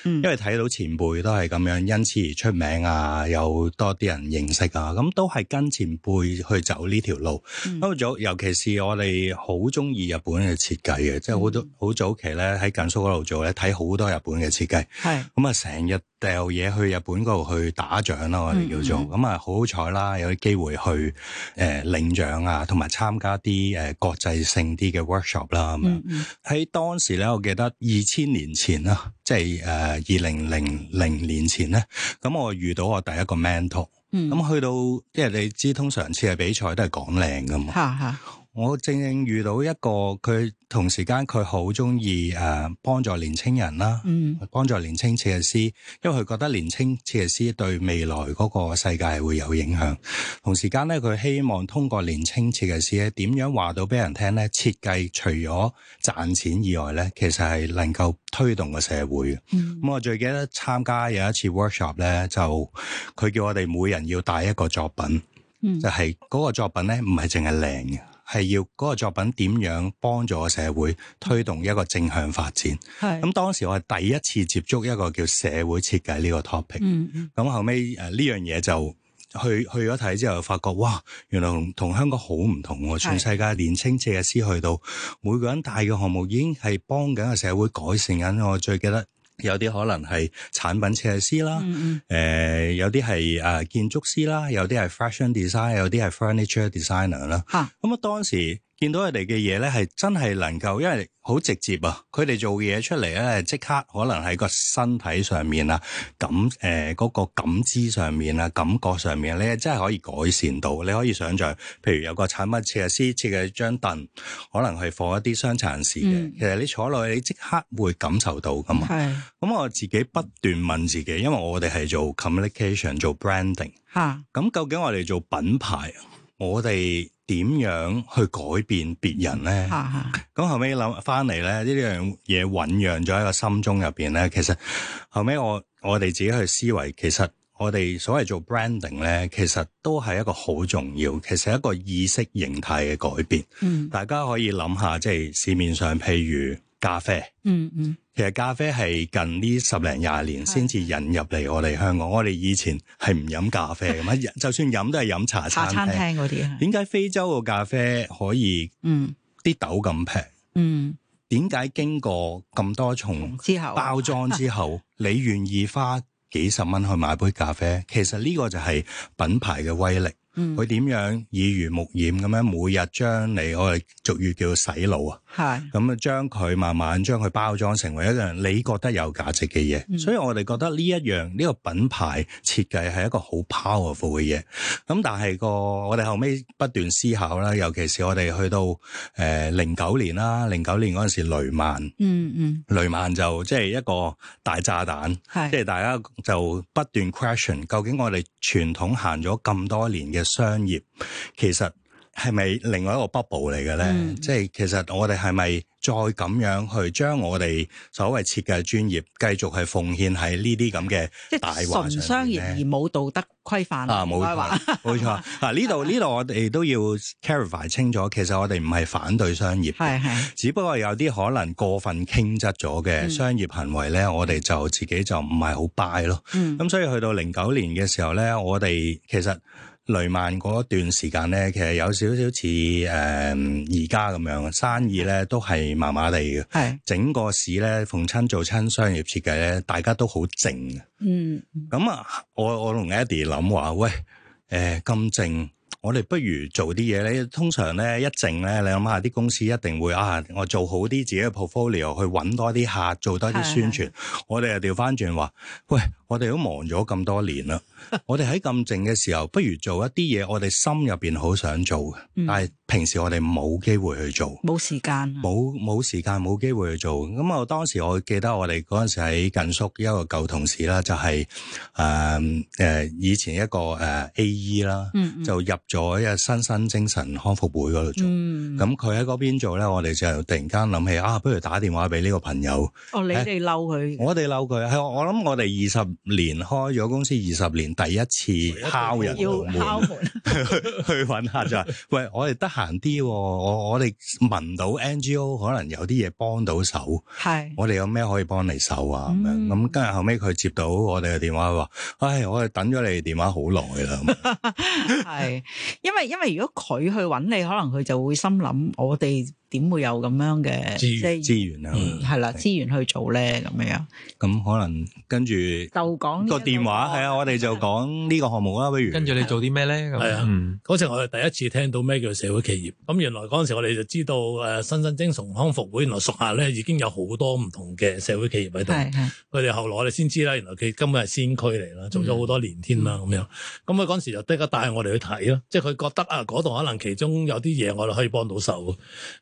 嗯、因為睇到前輩都係咁樣，因此而出名啊，有多啲人認識啊，咁都係跟前輩去走呢條路。都早、嗯，尤其是我哋好中意日本嘅設計嘅，即係好多好早期咧喺緊縮嗰度做咧，睇好多日本嘅設計。係咁啊，成日。掉嘢去日本嗰度去打獎啦，我哋叫做咁啊，好好彩啦，有啲機會去誒、呃、領獎啊，同埋參加啲誒、呃、國際性啲嘅 workshop 啦。咁、嗯嗯、樣喺當時咧，我記得二千年前啦，即係誒二零零零年前咧，咁我遇到我第一個 mentor、嗯。咁去到即係你知，通常次嘅比賽都係講靚噶嘛。哈哈我正正遇到一個佢同時間佢好中意誒幫助年青人啦，嗯、幫助年青設計師，因為佢覺得年青設計師對未來嗰個世界係會有影響。同時間咧，佢希望通過年青設計師咧，點樣話到俾人聽咧？設計除咗賺錢以外咧，其實係能夠推動個社會。咁、嗯、我最記得參加有一次 workshop 咧，就佢叫我哋每人要帶一個作品，嗯、就係嗰個作品咧，唔係淨係靚嘅。係要嗰個作品點樣幫助個社會推動一個正向發展？咁是當時我係第一次接觸一個叫社會設計呢個 topic。咁、嗯、後尾誒呢樣嘢就去去咗睇之後，發覺哇，原來同香港好唔同喎，啊！全世界年輕設計師去到是每個人帶嘅項目已經係幫緊個社會改善緊。我最記得。有啲可能係產品設計師啦，誒有啲係誒建築師啦，有啲係 fashion design，有啲係 furniture designer 啦。吓咁啊當時。見到佢哋嘅嘢咧，係真係能夠，因為好直接啊！佢哋做嘢出嚟咧，即刻可能喺個身體上面啊，感誒嗰、呃那個感知上面啊，感覺上面，你真係可以改善到。你可以想象，譬如有個產品設計師設計張凳，可能係放一啲傷殘人士嘅，嗯、其實你坐落去，你即刻會感受到噶嘛。咁是 我自己不斷問自己，因為我哋係做 communication，做 branding 的。吓咁，究竟我哋做品牌，我哋？點樣去改變別人咧？咁、啊啊、後尾諗翻嚟咧，呢樣嘢醞釀咗喺個心中入邊咧。其實後尾我我哋自己去思維，其實我哋所謂做 branding 咧，其實都係一個好重要，其實係一個意識形態嘅改變。嗯，大家可以諗下，即係市面上譬如。咖啡，嗯嗯，嗯其實咖啡係近呢十零廿年先至引入嚟我哋香港。的我哋以前係唔飲咖啡噶嘛， 就算飲都係飲茶餐廳嗰啲。點解非洲個咖啡可以？嗯，啲豆咁平。嗯，點解經過咁多重之後包裝之後，之後啊、 你願意花幾十蚊去買杯咖啡？其實呢個就係品牌嘅威力。嗯、佢點樣耳濡目染咁樣每日將你我哋俗語叫洗腦啊，係咁啊將佢慢慢將佢包裝成為一樣你覺得有價值嘅嘢，嗯、所以我哋覺得呢一樣呢個品牌設計係一個好 powerful 嘅嘢。咁但係個我哋後屘不斷思考啦，尤其是我哋去到誒零九年啦，零九年嗰陣時雷曼，嗯嗯，嗯雷曼就即係一個大炸彈，係是即係大家就不斷 question 究竟我哋傳統行咗咁多年嘅。商業其實係咪另外一個 bubble 嚟嘅咧？嗯、即係其實我哋係咪再咁樣去將我哋所謂設計專業繼續係奉獻喺呢啲咁嘅即係純商業而冇道德規範啊？冇錯，冇錯啊！呢度呢度我哋都要 clarify 清楚，其實我哋唔係反對商業，係係是，只不過有啲可能過分傾側咗嘅商業行為咧，嗯、我哋就自己就唔係好 buy 咯。咁、嗯嗯、所以去到零九年嘅時候咧，我哋其實。雷曼嗰段時間咧，其實有少少似誒而家咁樣嘅生意咧，都係麻麻地嘅。係的整個市咧，逢親做親商業設計咧，大家都好靜嘅。嗯，咁啊，我我同 Eddie 諗話，喂，誒、呃、咁靜。我哋不如做啲嘢咧，通常咧一靜咧，你諗下啲公司一定會啊，我做好啲自己嘅 portfolio，去揾多啲客，做多啲宣傳。是的 我哋又調翻轉話，喂，我哋都忙咗咁多年啦， 我哋喺咁靜嘅時候，不如做一啲嘢，我哋心入邊好想做嘅，但係平時我哋冇機會去做，冇、嗯、時間、啊，冇冇時間，冇機會去做。咁、嗯、啊當時我記得我哋嗰陣時喺緊縮一個舊同事啦，就係誒誒以前一個誒 A E 啦，呃、AE，就入做一日新生精神康復會嗰度做，咁佢喺嗰邊做咧，我哋就突然間諗起啊，不如打電話俾呢個朋友。哦，你哋嬲佢，我哋嬲佢。係我諗，我哋二十年開咗公司，二十年第一次敲人門，要敲門去去揾下咋。嗯、喂，我哋得閒啲，我我哋聞到 NGO 可能有啲嘢幫到手，係，是 我哋有咩可以幫你手啊咁樣。咁跟住後尾，佢接到我哋嘅電話話，唉、哎，我哋等咗你電話好耐啦，係。 因為因為如果佢去揾你，可能佢就會心諗我哋。點會有咁樣嘅資源？資源啊，係啦、嗯，資源去做咧咁樣。咁可能跟住就講個電話係啊，我哋就講呢個項目啦。不如跟住你做啲咩咧？係啊，嗰陣、嗯、我哋第一次聽到咩叫社會企業。咁原來嗰陣時我哋就知道誒新生精神康復會原來屬下咧已經有好多唔同嘅社會企業喺度。佢哋後來我哋先知啦，原來佢根本係先驅嚟啦，做咗好多年添啦咁樣。咁佢嗰陣時就即刻帶我哋去睇咯，即係佢覺得啊嗰度可能其中有啲嘢我哋可以幫到手。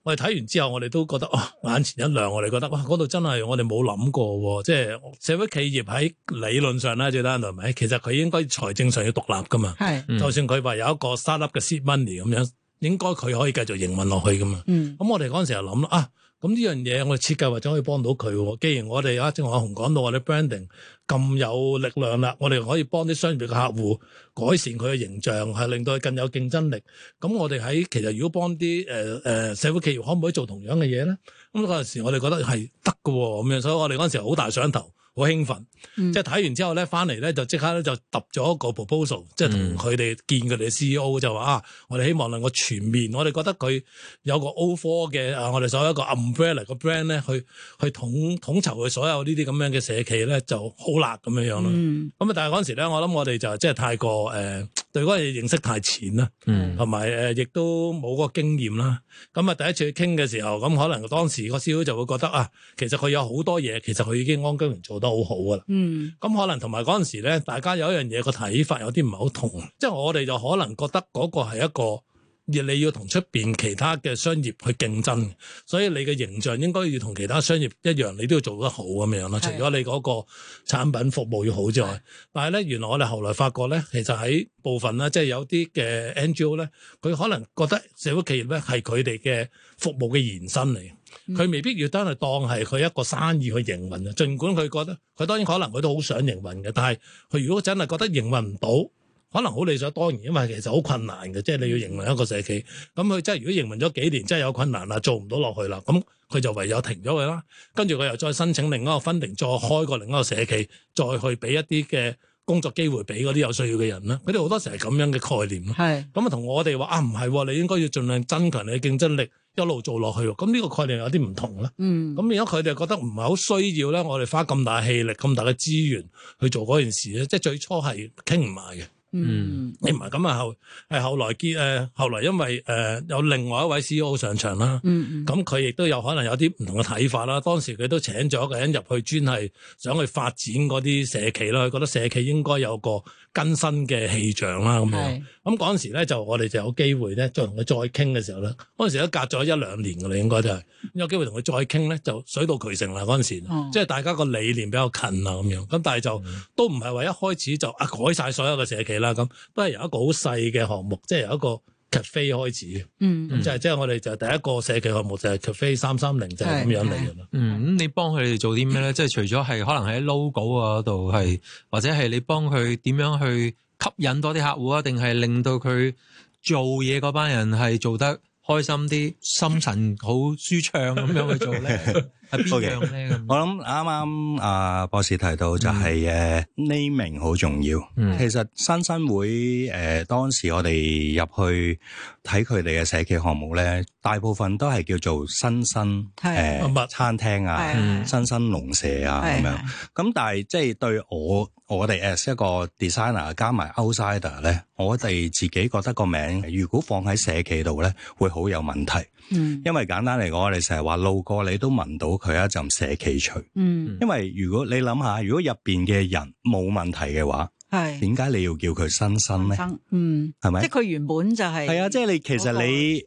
喂！睇完之後，我哋都覺得哦，眼前一亮。我哋覺得哇，嗰度真係我哋冇諗過、哦，即係社會企業喺理論上咧，最單係咪，其實佢應該財政上要獨立噶嘛。係是，就算佢話有一個 startup 嘅 seed money 咁樣，應該佢可以繼續營運落去噶嘛。嗯，咁、嗯、我哋嗰陣時又諗啦，啊，咁呢樣嘢我哋設計或者可以幫到佢、哦。既然我哋啊，正話阿雄講到我哋 branding。咁有力量啦，我哋可以幫啲商業嘅客戶改善佢嘅形象，係令到佢更有競爭力。咁我哋喺其實如果幫啲誒誒社會企業可唔可以做同樣嘅嘢咧？咁嗰陣時我哋覺得係得㗎咁樣，所以我哋嗰陣時好大上頭。好興奮，嗯、即係睇完之後咧，翻嚟咧就即刻咧就揼咗一個 proposal，嗯、即係同佢哋見佢哋嘅 C E O 就話、嗯、啊，我哋希望能夠全面，我哋覺得佢有個 O four 嘅啊，我哋所謂一個 umbrella 個 brand 咧，去去統統籌佢所有呢啲咁樣嘅社企咧，就好辣咁樣樣咯。咁啊、嗯，但係嗰時咧，我諗我哋就即係太過誒。呃對嗰個認識太淺啦，同埋誒，亦都冇嗰個經驗啦。咁啊，第一次去傾嘅時候，咁可能當時個師傅就會覺得啊，其實佢有好多嘢，其實佢已經安居人做得好好噶啦。嗯，咁可能同埋嗰陣時咧，大家有一樣嘢個睇法有啲唔係好同，即係我哋就可能覺得嗰個係一個。而你要同出面其他嘅商業去競爭，所以你嘅形象應該要同其他商業一樣，你都要做得好咁樣咯。除咗你嗰個產品服務要好之外，是的 但係呢，原來我哋後來發覺呢，其實喺部分咧，即係有啲嘅 NGO 呢，佢可能覺得社會企業呢係佢哋嘅服務嘅延伸嚟，佢未必要真係當係佢一個生意去營運啊。儘管佢覺得，佢當然可能佢都好想營運嘅，但係佢如果真係覺得營運唔到。可能好理所當然，因為其實好困難嘅，即係你要營運一個社企。咁佢即係如果營運咗幾年，真係有困難啦，做唔到落去啦，咁佢就唯有停咗佢啦。跟住佢又再申請另一個分庭，再開一個另一個社企，再去俾一啲嘅工作機會俾嗰啲有需要嘅人啦。佢哋好多時係咁樣嘅概念。係咁是啊，同我哋話啊，唔係，你應該要盡量增強你嘅競爭力，一路做落去。咁呢個概念有啲唔同啦。嗯。咁而家佢哋覺得唔係好需要咧，我哋花咁大氣力、咁大嘅資源去做嗰件事咧，即係最初係傾唔埋嘅。嗯，你唔係咁啊，後，係後來結誒，後來因為誒、呃、有另外一位 CEO 上場啦，咁佢亦都有可能有啲唔同嘅睇法啦。當時佢都請咗個人入去，專係想去發展嗰啲社企啦。佢覺得社企應該有個更新嘅氣象啦，咁是樣。咁嗰陣時咧就我哋就有機會咧，再同佢再傾嘅時候咧，嗰陣時都隔咗一兩年㗎啦，應該就係、是、有機會同佢再傾咧，就水到渠成啦嗰陣時，哦、即係大家個理念比較近啦咁樣。咁但係就都唔係話一開始就改晒所有嘅社企啦咁，不過由一個好細嘅項目，即係由一個咖啡開始嘅，嗯，就係即係我哋就第一個社企項目就係咖啡三三零，就係咁樣嚟嘅啦。嗯，咁你幫佢哋做啲咩咧？ 即係除咗係可能喺 logo 嗰度係，或者係你幫佢點樣去吸引多啲客戶啊？定係令到佢做嘢嗰班人係做得開心啲，心神好舒暢咁樣去做咧？ OK， 我諗啱啱阿博士提到就係、是、誒，naming 好重要。嗯、其實新生會誒、呃，當時我哋入去睇佢哋嘅社企項目咧，大部分都係叫做新生誒，乜、呃、的餐廳啊，的新生農社啊咁的的樣。咁但係即係對我我哋 as 一個 designer 加埋 outsider 咧，我哋自己覺得個名如果放喺社企度咧，會好有問題。嗯、因為簡單嚟講，我哋成日話路過你都聞到佢一陣社企除。嗯，因為如果你諗下，如果入邊嘅人冇問題嘅話，係點解你要叫佢新生咧？新生，嗯，係咪嗎？即係佢原本就係係啊！即係你其實你。那個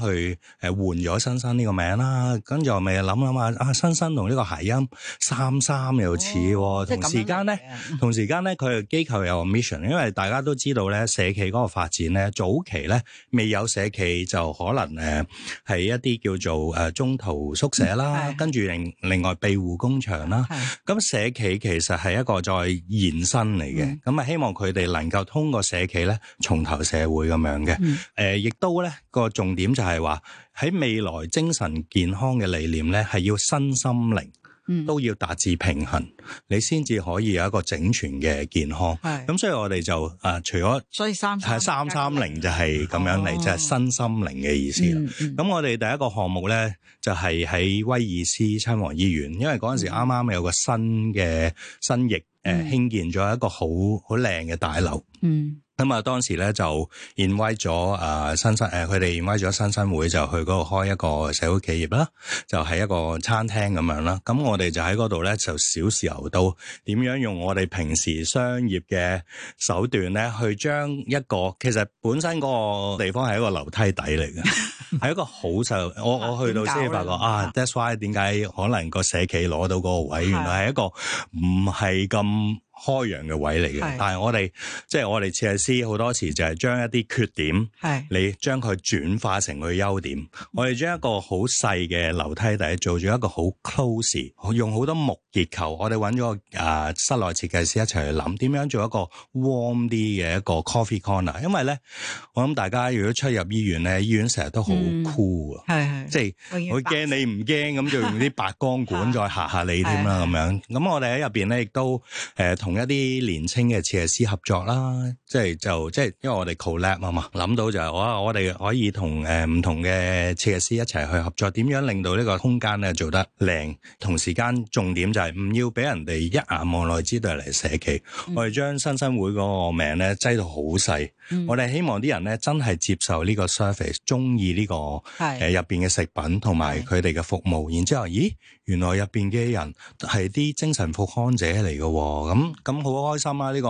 去誒換咗新生呢個名啦，跟住咪諗諗下啊，新生同呢個諧音三三又似，同時間咧，同時間咧，佢個機構有 mission，因為大家都知道咧，社企個發展咧，早期咧未有社企就可能誒係一啲叫做誒中途宿舍啦，跟住另另外庇護工場啦，咁社企其實係一個再延伸嚟嘅。咁啊希望佢哋能夠通過社企咧，重投社會咁樣嘅，誒亦都咧個重點就係。係話喺未來精神健康嘅理念咧，係要身心靈、嗯、都要達至平衡，你先至可以有一個整全嘅健康。咁是 所以我哋就誒、啊，除咗所以三係三三零就係咁樣嚟，哦、就係身心靈嘅意思。咁、嗯嗯、我哋第一個項目咧，就係、是、喺威爾斯親王醫院，因為嗰陣時啱啱有個新嘅新翼誒、啊，興建咗一個好好靚嘅大樓。嗯咁啊，當時咧就 invite 咗啊，新生誒，佢哋 invite 咗新生會就去嗰度開一個社會企業啦，就係、是、一個餐廳咁樣啦。咁我哋就喺嗰度咧，就小試牛刀，點樣用我哋平時商業嘅手段咧，去將一個其實本身嗰個地方係一個樓梯底嚟嘅，係 一個好細，就我我去到先發覺啊，that's why 點解可能個社企攞到個位，的原來係一個唔係咁開揚嘅位嚟嘅，但係我哋、mm hmm. 即係我哋設計師好多時就係將一啲缺點，mm hmm. 你將佢轉化成佢優點。我哋將一個好細嘅樓梯底做咗一個好 close，用好多木結構。我哋揾咗個誒室內設計師一齊去諗點樣做一個 warm 啲嘅一個 coffee corner。因為咧，我諗大家如果出入醫院咧，醫院成日都好 cool 啊，即係好驚你唔驚咁， 就用啲白光管再嚇嚇你添啦咁樣。咁我哋喺入邊咧亦都誒同。同一啲年青嘅設計師合作啦，即係就即係，因為我哋 collab 啊嘛，諗到就係我我哋可以同誒唔同嘅設計師一齊去合作，點樣令到呢個空間咧做得靚，同時間重點就係唔要俾人哋一眼望內知道嚟社企。嗯、我哋將新生會嗰個名咧擠到好細。我哋希望啲人咧真係接受呢個 service 中意呢個係誒入邊嘅食品同埋佢哋嘅服務，然之後咦，原來入邊嘅人係啲精神復康者嚟嘅、哦，咁咁好開心啊！呢、這個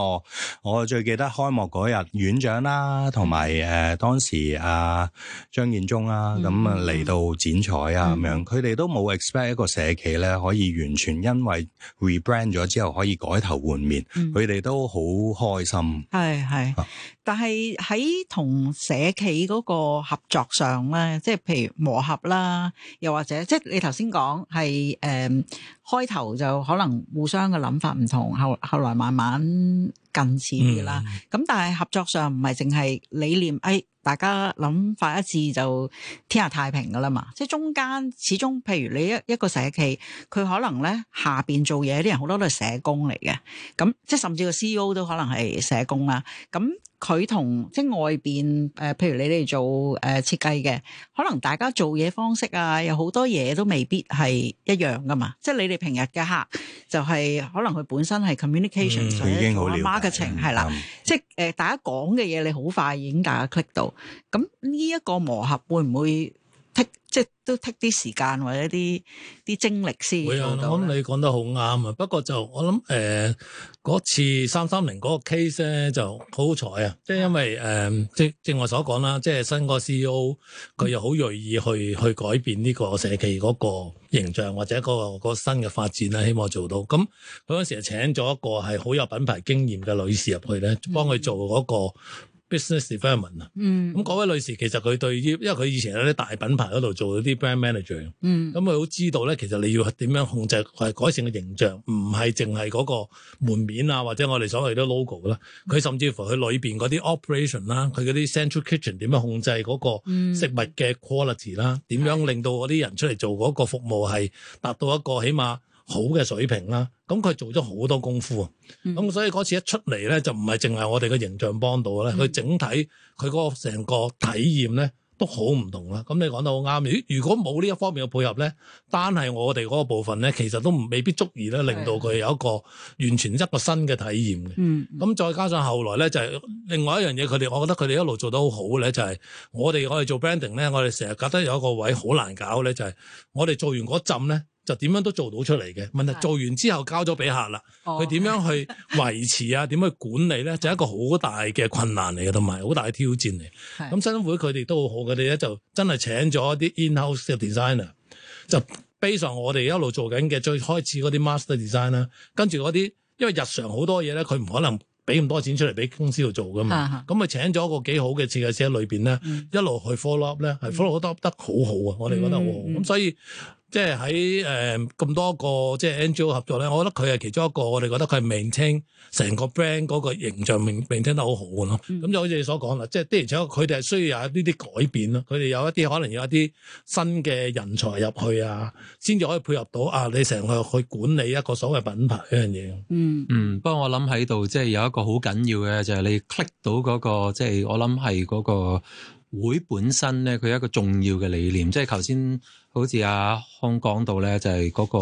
我最記得開幕嗰日，院長啦、啊，同埋誒當時啊張建宗啦、啊，咁啊嚟到剪彩啊，咁、嗯、樣，佢哋都冇 expect 一個社企咧可以完全因為 rebrand 咗之後可以改頭換面，佢哋、嗯、都好開心。係係、嗯，但係。喺同社企嗰個合作上咧，即係譬如磨合啦，又或者即係你頭先講係誒開頭就可能互相嘅諗法唔同，後後來慢慢近似啲啦。咁、嗯、但係合作上唔係淨係理念，誒、哎。大家諗法一致就天下太平噶啦嘛！即係中間始終，譬如你一一個社企，佢可能咧下邊做嘢啲人好多都係社工嚟嘅，咁即係甚至個 CEO 都可能係社工啦。咁佢同即係外邊誒，譬如你哋做誒設計嘅，可能大家做嘢方式啊，有好多嘢都未必係一樣噶嘛。即係你哋平日嘅客，就係、是、可能佢本身係 communication，、嗯嗯、已經好了解 marketing 係啦。嗯、即係誒、呃，大家講嘅嘢，你好快已經大家 click 到。咁呢一個磨合會唔會剔，即係都剔啲時間或者啲啲精力先？會啊，我諗你講得好啱啊。不過就我諗誒，嗰，呃、次三三零嗰個 case 咧，就好好彩啊。即係因為誒、呃，正正我所講啦，即係新個 CEO 佢又好銳意去去改變呢個社企嗰個形象或者、嗰個、嗰個新嘅發展咧，希望做到。咁嗰陣時請咗一個係好有品牌經驗嘅女士入去咧，幫佢做嗰、嗰個。嗯 business development 啊、嗯，咁嗰位女士其實佢對於，因為佢以前有啲大品牌嗰度做咗啲 brand manager，嗯，咁佢好知道咧，其實你要點樣控制係改善個形象，唔係淨係嗰個門面啊，或者我哋所謂啲 logo 啦，佢甚至乎佢裏邊嗰啲 operation 啦，佢嗰啲 central kitchen 點樣控制嗰個食物嘅 quality 啦、嗯，點樣令到嗰啲人出嚟做嗰個服務係達到一個起碼。好嘅水平啦，咁佢做咗好多功夫啊，咁、嗯、所以嗰次一出嚟咧，就唔係淨係我哋嘅形象幫到咧，佢、嗯、整體，佢個成個體驗咧都好唔同啦。咁你講得好啱，如果冇呢一方面嘅配合咧，單係我哋嗰個部分咧，其實都未必足以咧令到佢有一個完全一個新嘅體驗嘅。嗯，咁再加上後來咧就係、是、另外一樣嘢，佢哋我覺得佢哋一路做得好好咧，就係、是、我哋我哋做 branding 咧，我哋成日覺得有一個位好難搞咧，就係、是、我哋做完嗰浸咧。就點樣都做到出嚟嘅問題，做完之後交咗俾客啦。佢點的樣去維持啊？點 去管理咧？就係、一個好大嘅困難嚟嘅，同埋好大嘅挑戰嚟。咁新會佢哋都好，佢哋咧就真係請咗啲 in-house designer。House des igner, 就 basic 我哋一路做緊嘅最開始嗰啲 master design 啦，跟住嗰啲因為日常好多嘢咧，佢唔可能俾咁多錢出嚟俾公司度做噶嘛。咁咪的請咗一個幾好嘅設計師喺裏邊咧，一路去 follow up 咧、嗯，係 follow up 得好好啊！我哋覺得好好咁，嗯、所以。即係喺誒咁多個即係 NGO 合作咧，我覺得佢係其中一個，我哋覺得佢係 maintain 成個 brand 嗰個形象 maintain 得好好嘅咯。咁、嗯、就好似你所講啦，即係的而且確佢哋係需要有一啲啲改變咯，佢哋有一啲可能有一啲新嘅人才入去啊，先至可以配合到啊你成個去管理一個所謂品牌呢樣嘢。嗯嗯，不過我諗喺度，即係有一個好緊要嘅就係你 click 到嗰個，即係我諗係嗰個。會本身咧，佢一個重要嘅理念，即係頭先好似阿康講到咧，就係嗰個，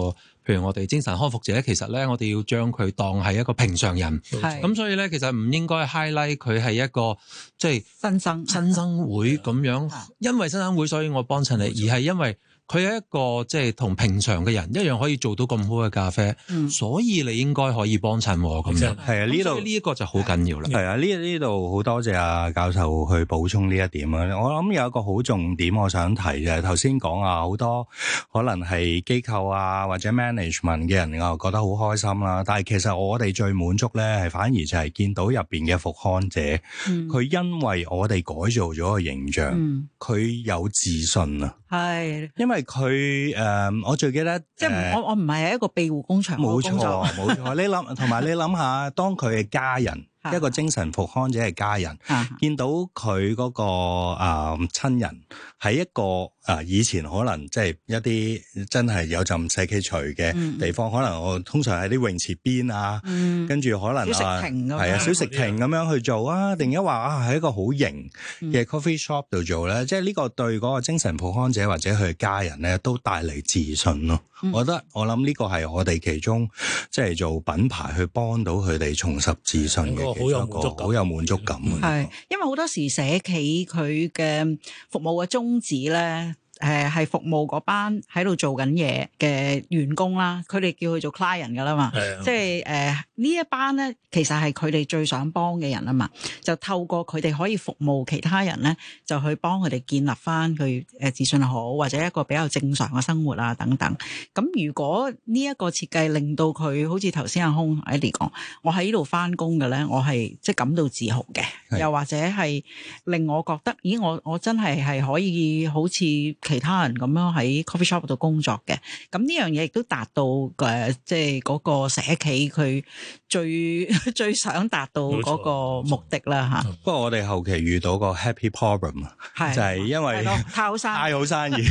譬如我哋精神康復者，其實咧，我哋要將佢當係一個平常人，咁錯所以咧，其實唔應該 highlight 佢係一個即係新生新生會咁樣， 因為新生會所以我幫襯你，錯而係因為。佢係一個即係同平常嘅人一樣可以做到咁好嘅咖啡，嗯、所以你應該可以幫襯我咁樣。係啊、嗯，呢度呢一個就好緊要啦。係啊、嗯，呢呢度好多謝阿教授去補充呢一點啊。我諗有一個好重點，我想提嘅頭先講啊，好多可能係機構啊或者 management 嘅人啊，覺得好開心啦。但係其實我哋最滿足咧，係反而就係見到入邊嘅復康者，佢因為我哋改造咗個形象，佢有自信啊。係，因為佢誒、嗯，我最記得，即係我我唔係一個庇護工場嘅工作，冇錯冇錯。你諗，同埋你諗下，當佢嘅家人， 一個精神復康者嘅家人， 見到佢嗰，那個誒親、嗯、人係一個。啊！以前可能即係一啲真係有浸社企除嘅地方，可能我通常喺啲泳池邊啊，跟住可能話係啊小食亭咁樣去做啊，定一話啊係一個好型嘅 coffee shop 度做咧，即係呢個對嗰個精神復康者或者佢嘅家人咧都帶嚟自信咯。我覺得我諗呢個係我哋其中即係做品牌去幫到佢哋重拾自信嘅，好有滿足感，好有滿足感嘅。係因為好多時社企佢嘅服務嘅宗旨咧。誒係服務嗰班喺度做緊嘢嘅員工啦，佢哋叫佢做 client 噶啦嘛，的即係誒呢一班咧，其實係佢哋最想幫嘅人啊嘛，就透過佢哋可以服務其他人咧，就去幫佢哋建立翻佢誒自信好，或者一個比較正常嘅生活啊等等。咁如果呢一個設計令到佢好似頭先阿空阿迪講，我喺呢度翻工嘅咧，我係即係感到自豪嘅，的又或者係令我覺得，咦我我真係係可以好似～其他人咁樣喺 coffee shop 度工作嘅，咁呢樣嘢，亦都達到誒，即係嗰個社企佢最最想達到嗰個目的啦吓。不過我哋後期遇到個 happy problem，係就係因為太好生太好生意，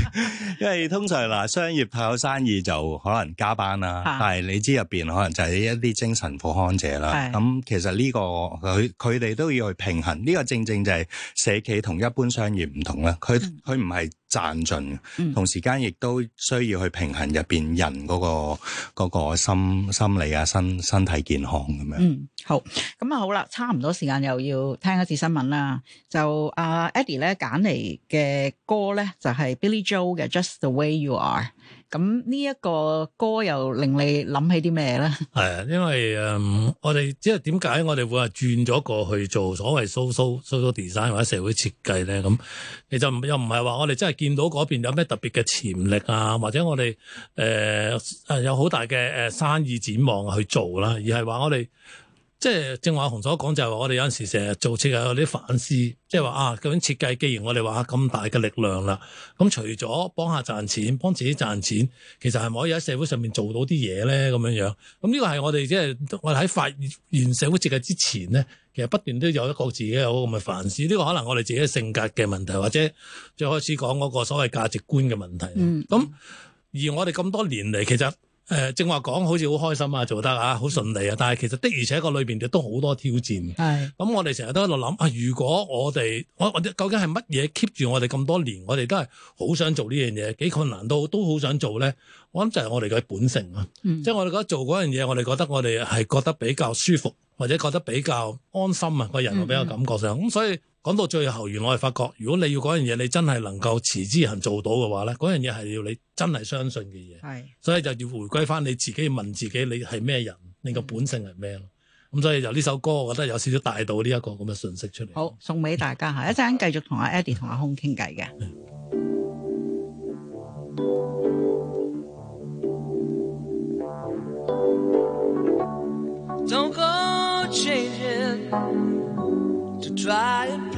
因為通常嗱商業太好生意就可能加班啦，但係你知入邊可能就係一啲精神復康者。啦。咁其實呢個佢佢哋都要去平衡呢個，正正就係社企同一般商業唔同啦。佢佢唔係。賺盡，同時間亦都需要去平衡入邊人嗰個心心理啊、身身體健康咁樣、嗯。好，咁啊好啦，差唔多時間又要聽一次新聞啦。就阿、uh, Eddie 咧揀嚟嘅歌咧，就係、是、Billy Joel 嘅 Just the Way You Are。咁呢一個歌又令你諗起啲咩咧？係啊，因為誒、嗯，我哋即係點解我哋會話轉咗過去做所謂 social social design 或者社會設計咧？咁其實又唔係話我哋真係見到嗰邊有咩特別嘅潛力啊，或者我哋誒誒有好大嘅誒、呃、生意展望去做啦，而係話我哋。即係正話雄所講，就係我哋有陣時成日做設計有啲反思，即係話啊，究竟設計既然我哋話咁大嘅力量啦，咁除咗幫下賺錢，幫自己賺錢，其實係咪可以喺社會上面做到啲嘢咧？咁樣樣。咁呢個係我哋即係我哋喺發現社會設計之前咧，其實不斷都有一個自己有咁嘅反思。呢個可能我哋自己性格嘅問題，或者最開始講嗰個所謂價值觀嘅問題。嗯。咁、嗯嗯、而我哋咁多年嚟，其實。誒，正話講好似好開心啊，做得啊，好順利啊。但係其實的而且個裏邊亦都好多挑戰。係咁是、嗯，我哋成日都喺度諗啊。如果我哋我我究竟係乜嘢 keep 住我哋咁多年？我哋都係好想，想做呢樣嘢，幾困難都都好想做咧。我諗就係我哋嘅本性咯，啊。即係、嗯、我哋覺得做嗰樣嘢，我哋覺得我哋係覺得比較舒服，或者覺得比較安心啊，個人會比較感覺上咁，所以、嗯。嗯講到最後，原來我係發覺，如果你要嗰樣嘢，你真係能夠持之以恆做到嘅話咧，嗰樣嘢係要你真係相信嘅嘢。係是，所以就要回歸翻你自己，問自己你係咩人，你個本性係咩咯？咁、嗯、所以由呢首歌，我覺得有少少帶到呢一個咁嘅信息出嚟。好，送俾大家吓，一陣繼續同阿 Eddie 同阿空傾偈嘅。是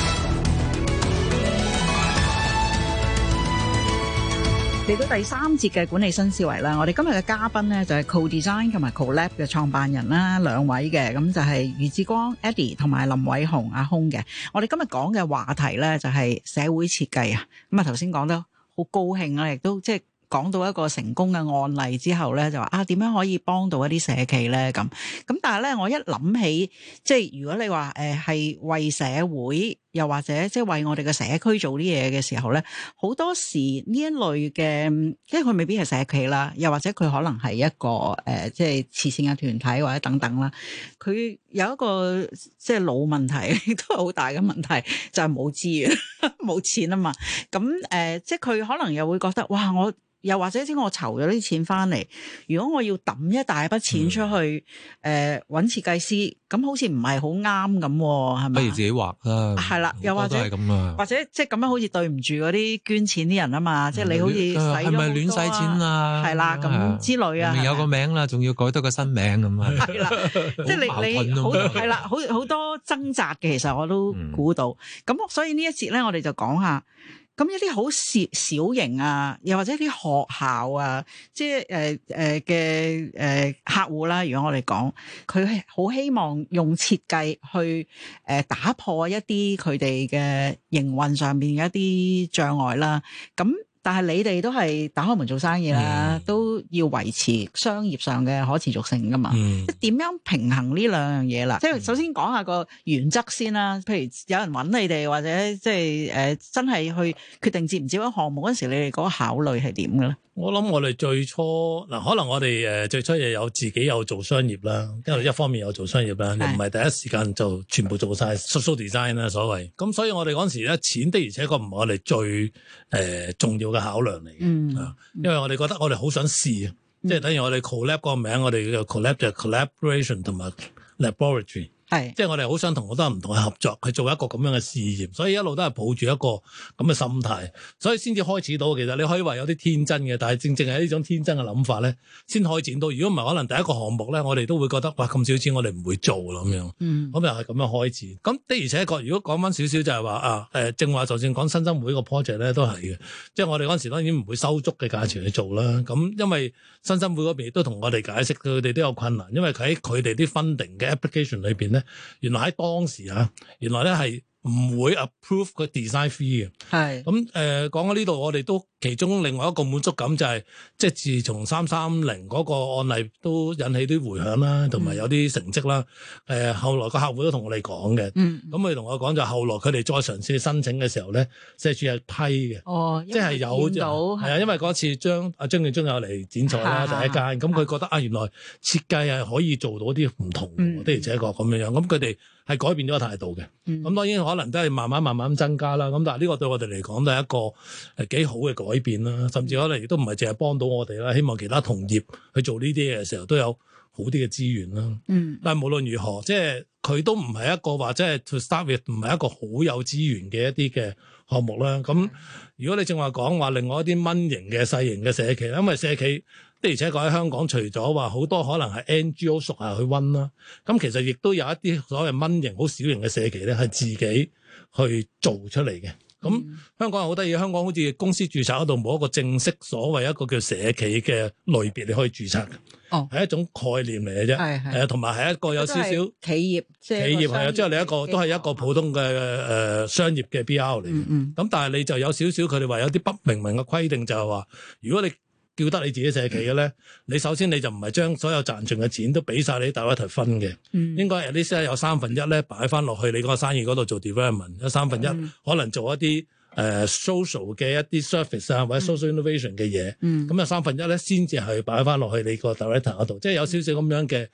嚟到第三節嘅管理新思維啦，我哋今日嘅嘉賓咧就係 CoDesign 同埋 CoLAB 嘅創辦人啦，兩位嘅咁就係余志光 Eddie 同埋林偉雄阿空嘅。我哋今日講嘅話題咧就係社會設計啊。咁啊，頭先講得好高興啊。亦都即係講到一個成功嘅案例之後咧，就話啊點樣可以幫到一啲社企咧咁。咁但係咧，我一諗起即係如果你話誒係為社會。又或者即係為我哋嘅社區做啲嘢嘅時候咧，好多時呢一類嘅，即係佢未必係社企啦，又或者佢可能係一個誒，即、呃、係、就是、慈善嘅團體或者等等啦。佢有一個即係老問題，都係好大嘅問題，就係、是、冇資源、冇 錢啊嘛。咁、嗯、誒、呃，即係佢可能又會覺得，哇！我又或者即係我籌咗啲錢翻嚟，如果我要抌一大筆錢出去，誒、嗯，搵設計師。咁好似唔係好啱咁，係咪？不如自己畫啦。係啦，又或者，或者即係咁樣好似對唔住嗰啲捐錢啲人啊嘛，即係你好似使係咪亂使錢啊？係啦，咁之類啊。有個名啦，仲要改多個新名咁啊，係啦，即係你你好係啦，好好多掙扎嘅，其實我都估到。咁所以呢一節咧，我哋就講下。咁一啲好小小型啊，又或者啲學校啊，即係誒誒嘅誒客戶啦。如果我哋講佢係好希望用設計去誒打破一啲佢哋嘅營運上邊一啲障礙啦。咁但係你哋都係打開門做生意啦，的都。都要維持商業上嘅可持續性噶嘛？嗯、點樣平衡呢兩樣嘢啦？即係、嗯、首先講下個原則先啦。譬如有人揾你哋，或者即係誒、呃，真係去決定接唔接一項目嗰時，你哋嗰個考慮係點嘅咧？我諗我哋最初嗱，可能我哋誒最初又有自己有做商業啦，因為一方面有做商業啦，又唔係第一時間就全部做晒 social design 啦，所謂。咁所以我哋嗰時咧，錢的而且確唔係我哋最誒、呃、重要嘅考量嚟。嗯，因為我哋覺得我哋好想試啊，嗯、即係等於我哋 collab 個名，嗯、我哋叫 collab 就 collaboration 同埋 laboratory。係，即係我哋好想同好多人唔同嘅合作，去做一個咁樣嘅事業，所以一路都係抱住一個咁嘅心態，所以先至開始到。其實你可以話有啲天真嘅，但係正正係呢種天真嘅諗法咧，先開展到。如果唔係，可能第一個項目咧，我哋都會覺得哇咁少錢，我哋唔會做啦咁樣。嗯，咁又係咁樣開始。咁的而且確，如果講翻少少就係話啊，誒、呃、正話，就算講新生會個 project 咧，都係嘅。即係我哋嗰陣時當然唔會收足嘅價錢去做啦。咁因為新生會嗰邊亦都同我哋解釋，佢哋都有困難，因為佢喺佢哋啲 funding 嘅 application 裏邊咧。原來喺當時啊，原來咧，係，唔會 approve 個 design fee 嘅，係咁誒，講到呢度，我哋都其中另外一個滿足感就係，即係自從三三零嗰個案例都引起啲回響啦，同埋有啲成績啦。誒，後來個客戶都同我哋講嘅，咁佢同我講就後來佢哋再嘗試申請嘅時候咧，社署係批嘅。哦，即係有，係啊，因為嗰次將阿張建忠有嚟剪彩啦，第一間，咁佢覺得啊，原來設計係可以做到啲唔同嘅，的而且確咁樣樣，咁佢哋。係改變咗個態度嘅，咁、嗯、當然可能都係慢慢慢慢增加啦。咁但係呢個對我哋嚟講都係一個係幾好嘅改變啦。甚至可能亦都唔係淨係幫到我哋啦。希望其他同業去做呢啲嘢嘅時候都有好啲嘅資源啦。嗯。但係無論如何，即係佢都唔係一個話即係 to start with，唔係一個好有資源嘅一啲嘅項目啦。咁如果你正話講話另外一啲蚊型嘅細型嘅社企，因為社企。的而且確喺香港，除咗話好多可能係 NGO 熟下去温啦，咁其實亦都有一啲所謂蚊型好小型嘅社企咧，係自己去做出嚟嘅。咁、嗯、香港又好得意，香港好似公司註冊嗰度冇一個正式所謂一個叫社企嘅類別，你可以註冊嘅、嗯。哦，係一種概念嚟嘅啫。係係是。誒，同埋係一個有少少企業，即係企業係啊，即係你一個都係一個普通嘅誒、呃、商業嘅 B. R. 嚟嘅。咁、嗯嗯、但係你就有少少佢哋話有啲不明文嘅規定就，就係話如果你叫得你自己社企嘅咧，你首先你就唔係將所有賺錢嘅錢都俾晒你 director 分嘅，嗯、應該有啲有三分一咧擺翻落去你個生意嗰度做 development，有三、嗯、分一可能做一啲誒、呃、social 嘅一啲 service 啊或者 social innovation 嘅嘢，咁啊三分一咧先至係擺翻落去你個 director 嗰度，嗯、即係有少少咁樣嘅。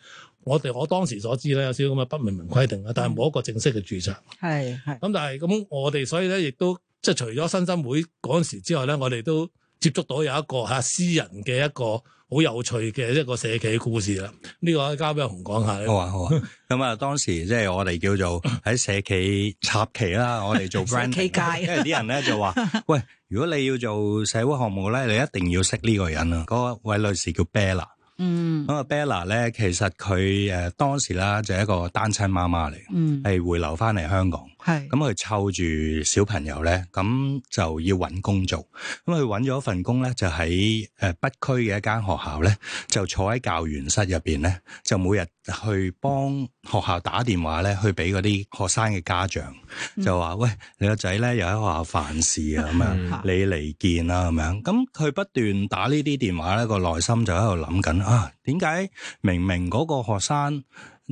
我哋、嗯、我當時所知咧有少少咁嘅不明文規定啦，但係冇一個正式嘅註冊。係係。咁、 嗯、但係咁我哋所以咧亦都即係除咗新生會嗰陣時之外咧，我哋都。接觸到有一個嚇私人嘅一個好有趣嘅一個社企故事啦，呢、這個交俾阿雄講下。好啊好啊，咁啊當時即係我哋叫做喺社企插旗啦，我哋做 friend 界，因為啲人咧就話：喂，如果你要做社會項目咧，你一定要識呢個人啦。嗰位女士叫 Bella，嗯，咁啊 Bella 咧其實佢誒當時啦就係一個單親媽媽嚟，嗯，係回流翻嚟香港。嗯係咁佢湊住小朋友咧，咁就要揾工做。咁佢揾咗份工咧，就喺誒北區嘅一間學校咧，就坐喺教員室入邊咧，就每日去幫學校打電話咧，去俾嗰啲學生嘅家長就話：喂，你個仔咧又喺學校犯事啊，咁樣你嚟見啦，咁樣。咁佢不斷打呢啲電話咧，個內心就喺度諗緊啊，點解明明嗰個學生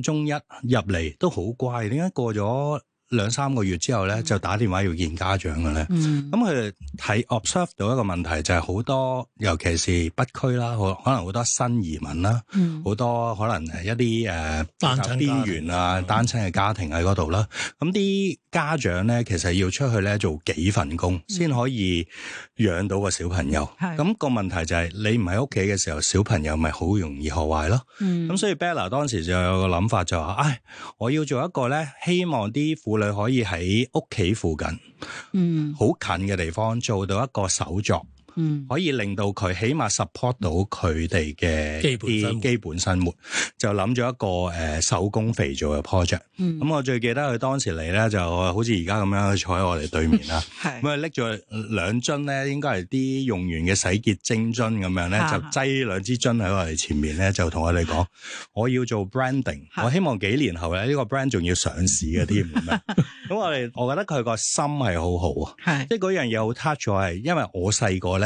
中一入嚟都好乖，點解過咗？兩三個月之後咧，就打電話要見家長嘅咧。咁佢睇、嗯、observe 到一個問題就係好多，尤其是北區啦，可可能好多新移民啦，好、嗯、多可能係一啲誒比較邊緣啊單親嘅家庭喺度啦。咁啲家、嗯、家長咧，其實要出去咧做幾份工，先、嗯、可以養到個小朋友。咁、嗯、個問題就係、是、你唔喺屋企嘅時候，小朋友咪好容易學壞咯。咁、嗯、所以 Bella 當時就有個諗法就話、是，唉，我要做一個咧，希望啲父。佢可以喺屋企附近，嗯，好近嘅地方做到一個手作。嗯，可以令到佢起碼 support 到佢哋嘅基本生活，就諗咗一個誒手工肥皂嘅 project。嗯，咁我最記得佢當時嚟咧，就好似而家咁樣坐喺我哋對面啦。係咁啊，拎咗兩樽咧，應該係啲用完嘅洗潔精樽咁樣咧，就擠兩支樽喺我哋前面咧，就同我哋講，我要做 branding，我希望幾年後咧呢個 brand 仲要上市嗰啲咁樣。咁我哋我覺得佢個心係好好啊，係即係樣嘢好 touch 咗係因為我細個咧。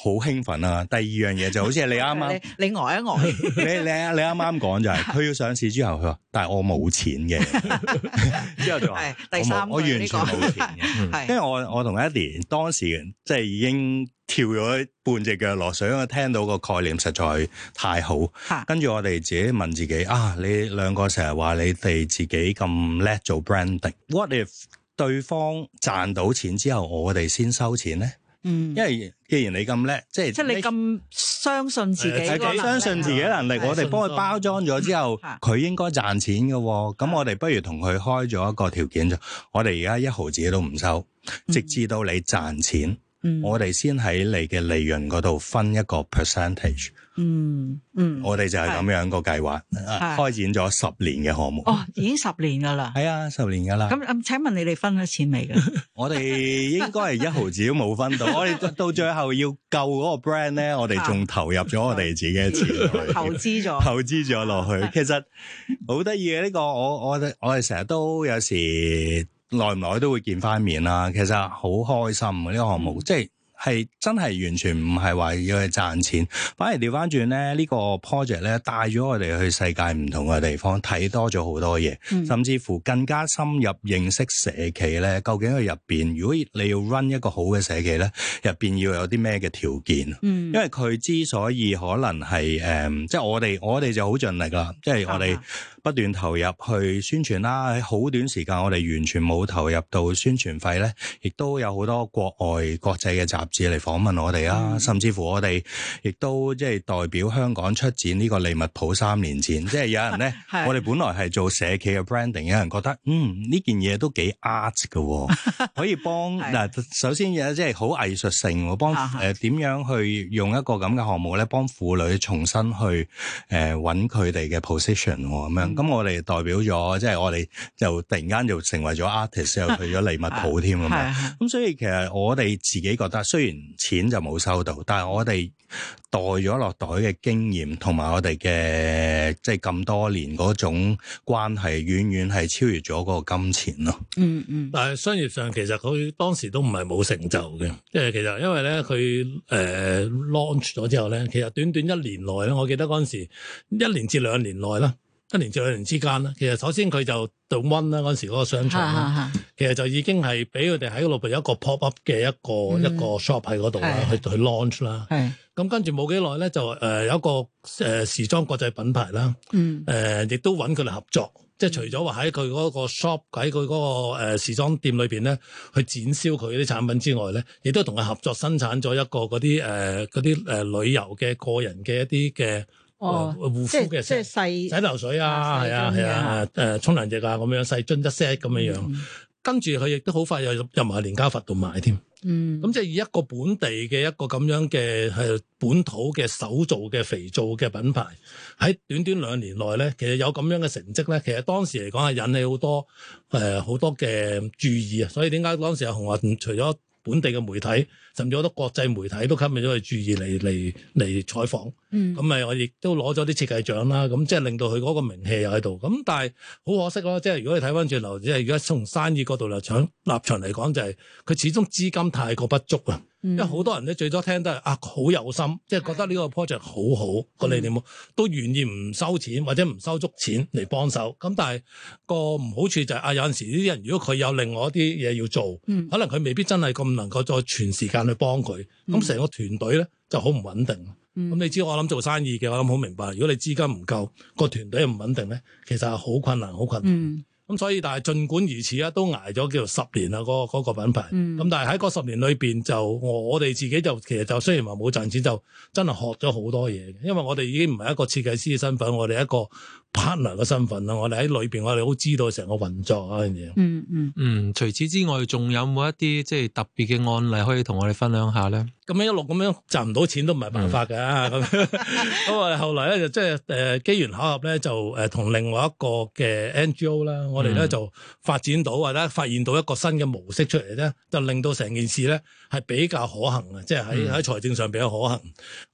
好興奮啊。第二樣嘢就好似你啱啱 ，你呆一呆，你你你啱啱講就係，佢 要上市之後，佢話，但係我冇錢嘅， 之後就話、這個，我完全冇錢 是因跟 die,。因為我我同 Eddie 當時即係已經跳咗半隻腳落水，因為聽到個概念實在太好。跟住 我哋自己問自己啊，你兩個成日話你哋自己咁叻做 branding，what if 對方賺到錢之後，我哋先收錢咧？嗯，因為既然你咁叻，即係即係你咁相信自己，自己相信自己嘅能力，的我哋幫佢包裝咗之後，佢的應該賺錢㗎，哦。咁的我哋不如同佢開咗一個條件就，我哋而家一毫紙都唔收，直至到你賺錢，嗯，我哋先喺你嘅利潤嗰度分一個 percentage。嗯嗯，我哋就係咁樣個計劃，的開展咗十年嘅項目哦，已經十年噶啦，係啊， 十年噶啦。咁請問你哋分咗錢未噶？ 我哋應該係一毫子都冇分到， 我哋到最後要救嗰個 brand 咧， 我哋仲投入咗我哋自己嘅錢落去， 投資咗了，投資咗落去。其實好得意嘅呢個，我我我哋成日都有時耐唔耐都會見翻面啦。其實好開心嘅呢個項目，即係。係真係完全唔係話要去賺錢，反而調翻轉咧，呢、這個 project 咧帶咗我哋去世界唔同嘅地方，睇多咗好多嘢，嗯、甚至乎更加深入認識社企咧。究竟佢入邊，如果你要 run 一個好嘅社企咧，入邊要有啲咩嘅條件？嗯，因為佢之所以可能係誒，即、呃、係、就是、我哋我哋就好盡力啦，即、就、係、是、我哋。嗯不斷投入去宣傳啦，喺好短時間我哋完全冇投入到宣傳費咧，亦都有好多國外國際嘅雜誌嚟訪問我哋啦。嗯、甚至乎我哋亦都即係代表香港出展呢個利物浦三年前，即係有人咧， 是我哋本來係做社企嘅 branding，有人覺得嗯呢件嘢都幾 art 嘅，可以幫嗱 是首先有即係好藝術性，幫誒點樣去用一個咁嘅項目咧，幫婦女重新去誒揾佢哋嘅 position 咁、呃、樣。咁我哋代表咗，即係我哋就突然間就成為咗 artist，又去咗利物浦添啊嘛。咁所以其實我哋自己覺得，雖然錢就冇收到，但係我哋帶咗落袋嘅經驗同埋我哋嘅即係咁多年嗰種關係，遠遠係超越咗嗰個金錢咯。嗯嗯。但係商業上其實佢當時都唔係冇成就嘅，即係、嗯、其實因為咧佢誒 launch 咗之後咧，其實短短一年內咧，我記得嗰陣時一年至兩年內啦。一年至兩年之間咧，其實首先佢就到 The One 啦，嗰陣時嗰個商場、啊啊、其實就已經係俾佢哋喺嗰度譬如有一個 pop up 嘅一個、嗯、一個 shop 喺嗰度啦，去去 launch 啦是。係咁跟住冇幾耐咧，就誒有一個誒時裝國際品牌啦，誒亦都揾佢哋合作，嗯、即係除咗話喺佢嗰個 shop 喺佢嗰個誒時裝店裏邊咧，去展銷佢啲產品之外咧，亦都同佢合作生產咗一個嗰啲誒啲誒旅遊嘅個人嘅一啲嘅。哦，護膚嘅洗洗流水啊，係啊係啊，誒誒沖涼液啊，咁樣樣細樽一 set 咁樣樣，樣嗯、跟住，佢亦都好快又入埋係連家佛度買添，嗯，咁即係以一個本地嘅一個咁樣嘅係本土嘅手做嘅肥皂嘅品牌，喺短短兩年內咧，其實有咁樣嘅成績咧，其實當時嚟講係引起好多誒好、呃、多嘅注意啊，所以點解當時阿雄話除咗本地嘅媒體，甚至好多國際媒體都吸引咗佢注意嚟嚟嚟採訪，咁咪、嗯、我亦都攞咗啲設計獎啦，咁即係令到佢嗰個名氣又喺度。咁但係好可惜咯，即係如果你睇返轉頭，即係如果從生意角度嚟講，立場嚟講就係、是、佢始終資金太過不足啊。因為好多人咧，最多聽都係啊好有心，即係覺得呢個 project 好好，我哋點都願意唔收錢或者唔收足錢嚟幫手。咁但係個唔好處就係、是、啊有陣時呢啲人如果佢有另外一啲嘢要做，嗯、可能佢未必真係咁能夠再全時間去幫佢。咁成、嗯、個團隊咧，就好唔穩定。咁、嗯、你知我諗做生意嘅，我諗好明白。如果你資金唔夠，個團隊唔穩定咧，其實係好困難，好困難。嗯咁所以，但係儘管如此啦，都挨咗叫做十年啦，嗰嗰、嗰個品牌。咁、嗯、但係喺嗰十年裏邊，就我我哋自己就其實就雖然話冇賺錢，就真係學咗好多嘢。因為我哋已經唔係一個設計師嘅身份，我哋一個 partner 嘅身份啦，我哋喺裏邊，我哋好知道成個運作啊樣嘢。嗯嗯嗯，除此之外，仲有冇一啲即係特別嘅案例可以同我哋分享下咧？咁樣、嗯、一路咁樣賺唔到錢都唔係辦法㗎。咁啊、嗯， 後來咧就即係誒機緣巧合咧，就誒同另外一個嘅 NGO 啦，我哋咧就發展到或者發現到一個新嘅模式出嚟咧，就令到成件事咧係比較可行嘅，即係喺喺財政上比較可行。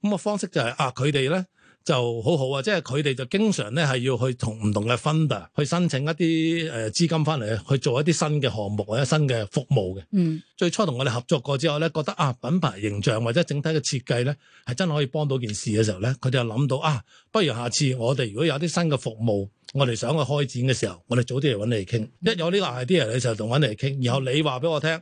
咁個、嗯、方式就係、是、啊，佢哋咧。就好好啊，即係佢哋就經常咧係要去同唔同嘅 funder 去申請一啲誒資金翻嚟去做一啲新嘅項目或者新嘅服務嘅。嗯，最初同我哋合作過之後咧，覺得啊品牌形象或者整體嘅設計咧係真係可以幫到件事嘅時候咧，佢哋就諗到啊，不如下次我哋如果有啲新嘅服務，我哋想去開展嘅時候，我哋早啲嚟揾你嚟傾。嗯、一有呢個 idea 嘅時候同揾你嚟傾，然後你話俾我聽。嗯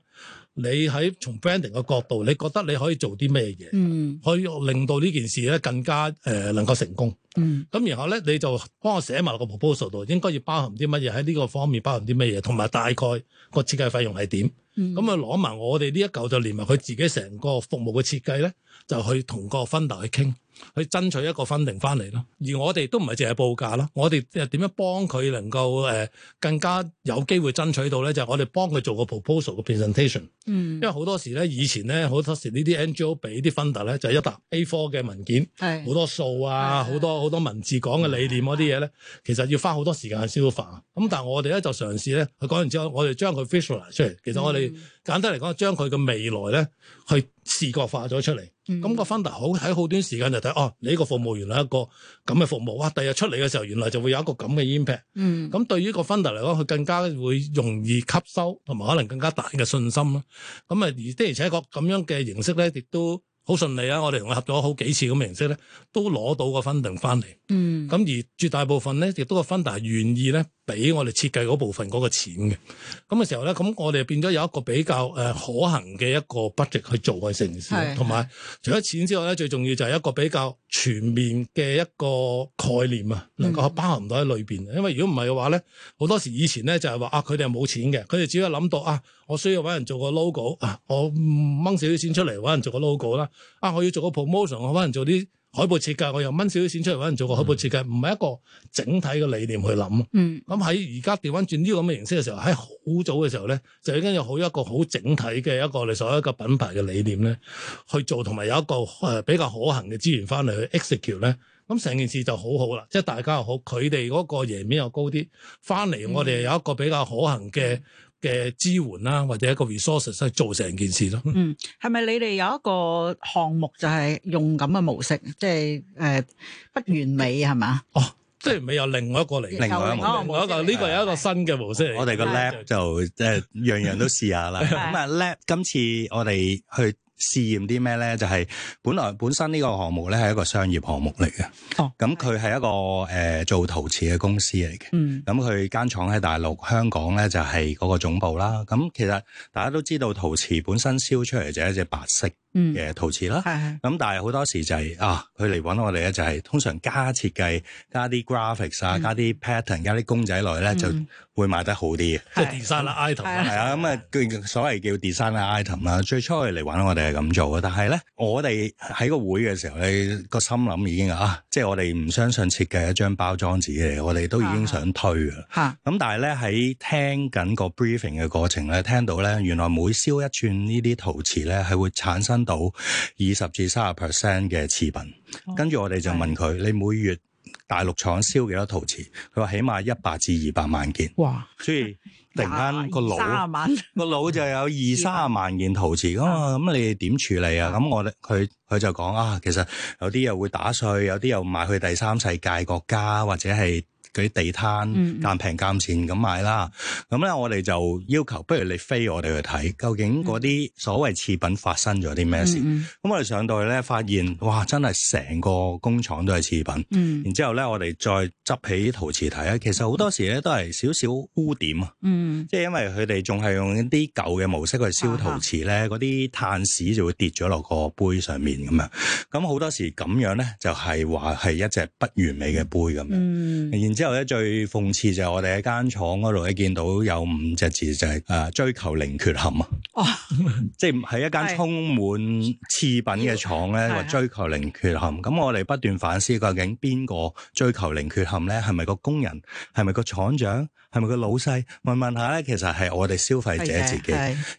你喺從 branding 嘅角度，你覺得你可以做啲咩嘢？嗯，可以令到呢件事咧更加誒、呃、能夠成功。嗯，咁然後咧你就幫我寫埋個 proposal 度，應該要包含啲乜嘢喺呢個方面，包含啲乜嘢，同埋大概個設計費用係點。咁啊攞埋我哋呢一嚿就連埋佢自己成個服務嘅設計咧，就去同個 founder 去傾。去爭取一個分定翻嚟咯，而我哋都唔係淨係報價咯，我哋又點樣幫佢能夠誒、呃、更加有機會爭取到咧？就係、是、我哋幫佢做個 proposal 嘅 presentation，嗯，因為好多時咧，以前咧好多時呢啲 NGO 俾啲 founder 咧就是、一沓 A4 嘅文件，係好是多數啊，好是多好多文字講嘅理念嗰啲嘢咧，的其實要花好多時間去消化啊。咁的、嗯、但係我哋咧就嘗試咧，佢講完之後，我哋將佢 visual 化出嚟，其實我哋。嗯簡單嚟講，將佢嘅未來咧，去視覺化咗出嚟。咁、嗯、個 funder 好喺好短時間就睇哦，你呢個服務原來係一個咁嘅服務，啊，第日出嚟嘅時候，原來就會有一個咁嘅 impact。嗯，咁對於個 funder 嚟講，佢更加會容易吸收，同埋可能更加大嘅信心咯。咁啊，而的而且確咁樣嘅形式咧，亦都好順利啊！我哋同佢合作咗好幾次咁嘅形式咧，都攞到個 funding 翻嚟。嗯，咁而絕大部分咧，亦都個 funder 願意咧。俾我哋設計嗰部分嗰個錢嘅，咁嘅時候咧，咁我哋變咗有一個比較誒、呃、可行嘅一個 budget 去做嘅城市。同埋除咗錢之外咧，最重要就係一個比較全面嘅一個概念啊，能夠包含唔到喺裏邊。是的 因為如果唔係嘅話咧，好多時以前咧就係、是、話啊，佢哋係冇錢嘅，佢哋只係諗到啊，我需要搵人做個 logo，啊，我掹少少錢出嚟搵人做個 logo 啦，啊，我要做個 promotion，我搵人做啲，海報設計，我又掹少啲錢出嚟揾人做個海報設計，唔係、嗯、一個整體嘅理念去諗。嗯，咁喺而家掉翻轉呢個咁嘅形式嘅時候，喺好早嘅時候咧，就已經有好一個好整體嘅一個你所謂一個品牌嘅理念咧，去做同埋有一個誒比較可行嘅資源翻嚟去 execute 咧，咁成件事就好好啦。即係大家又好，佢哋嗰個贏面又高啲，翻嚟我哋有一個比較可行嘅、嗯。嘅支援啦，或者一個 resources 去做成件事咯。嗯，係咪你哋有一個項目就係用咁嘅模式，即係誒不完美係嘛？哦，即係唔係有另外一個嚟，另外一個，另外一個呢個有一個新嘅模式嚟。我哋個 lab 就即係樣樣都試下啦。咁啊 lab 今次我哋去。試驗啲咩咧？就係、是、本來本身呢個項目咧係一個商業項目嚟嘅。哦，咁佢係一個誒、呃、做陶瓷嘅公司嚟嘅。嗯，咁佢間廠喺大陸，香港咧就係嗰個總部啦。咁其實大家都知道，陶瓷本身燒出嚟就係一隻白色。嗯，嘅陶瓷啦，係係，咁但係好多時就係、是、啊，佢嚟揾我哋咧、就是，就係通常加設計加啲 graphics 啊、加啲 pattern、加啲公仔落去咧，就會賣得好啲嘅，即係 designer item。係啊，咁啊，叫所謂叫 designer item 啦。最初佢嚟揾我哋係咁做嘅，但係咧，我哋喺個會嘅時候咧，個心諗已經啊，即係我哋唔相信設計一張包裝紙嘅，我哋都已經想推啊。吓、啊、咁、嗯、但係咧，喺聽緊個 briefing 嘅過程咧，聽到咧，原來每燒一寸呢啲陶瓷咧，係會產生。到二十至三十 percent 嘅次品，跟住、哦、我哋就問佢：是的 你每月大陸廠銷幾多陶瓷？佢話、嗯、起碼一百至二百萬件。哇！所以突然間、啊、個腦，個腦 就有二三十萬件陶瓷。咁咁是的、啊、你哋點處理啊？咁是的 我哋佢佢就講啊，其實有啲又會打碎，有啲又賣去第三世界國家或者係。嗰啲地攤價平價錢咁買啦，咁咧、嗯嗯、我哋就要求，不如你飛我哋去睇，究竟嗰啲所謂次品發生咗啲咩事？咁、嗯嗯、我哋上到去咧，發現哇，真係成個工廠都係次品。嗯嗯、然之後咧，我哋再執起陶瓷睇咧，其實好多時咧都係少少污點啊，嗯嗯、即係因為佢哋仲係用一啲舊嘅模式去燒陶瓷咧，嗰啲、啊、碳屎就會跌咗落個杯上面咁樣。咁好多時咁樣咧，就係話係一隻不完美嘅杯咁樣。嗯嗯、然之之後咧，最諷刺就係我哋喺間廠嗰度咧，見到有五隻字，就係啊，追求零缺陷啊，即係喺一間充滿次品嘅廠咧，話追求零缺陷。咁我哋不斷反思，究竟邊個追求零缺陷咧？係咪 Yeah. 個工人？係咪個廠長？係咪個老細？問問下咧，其實係我哋消費者自己，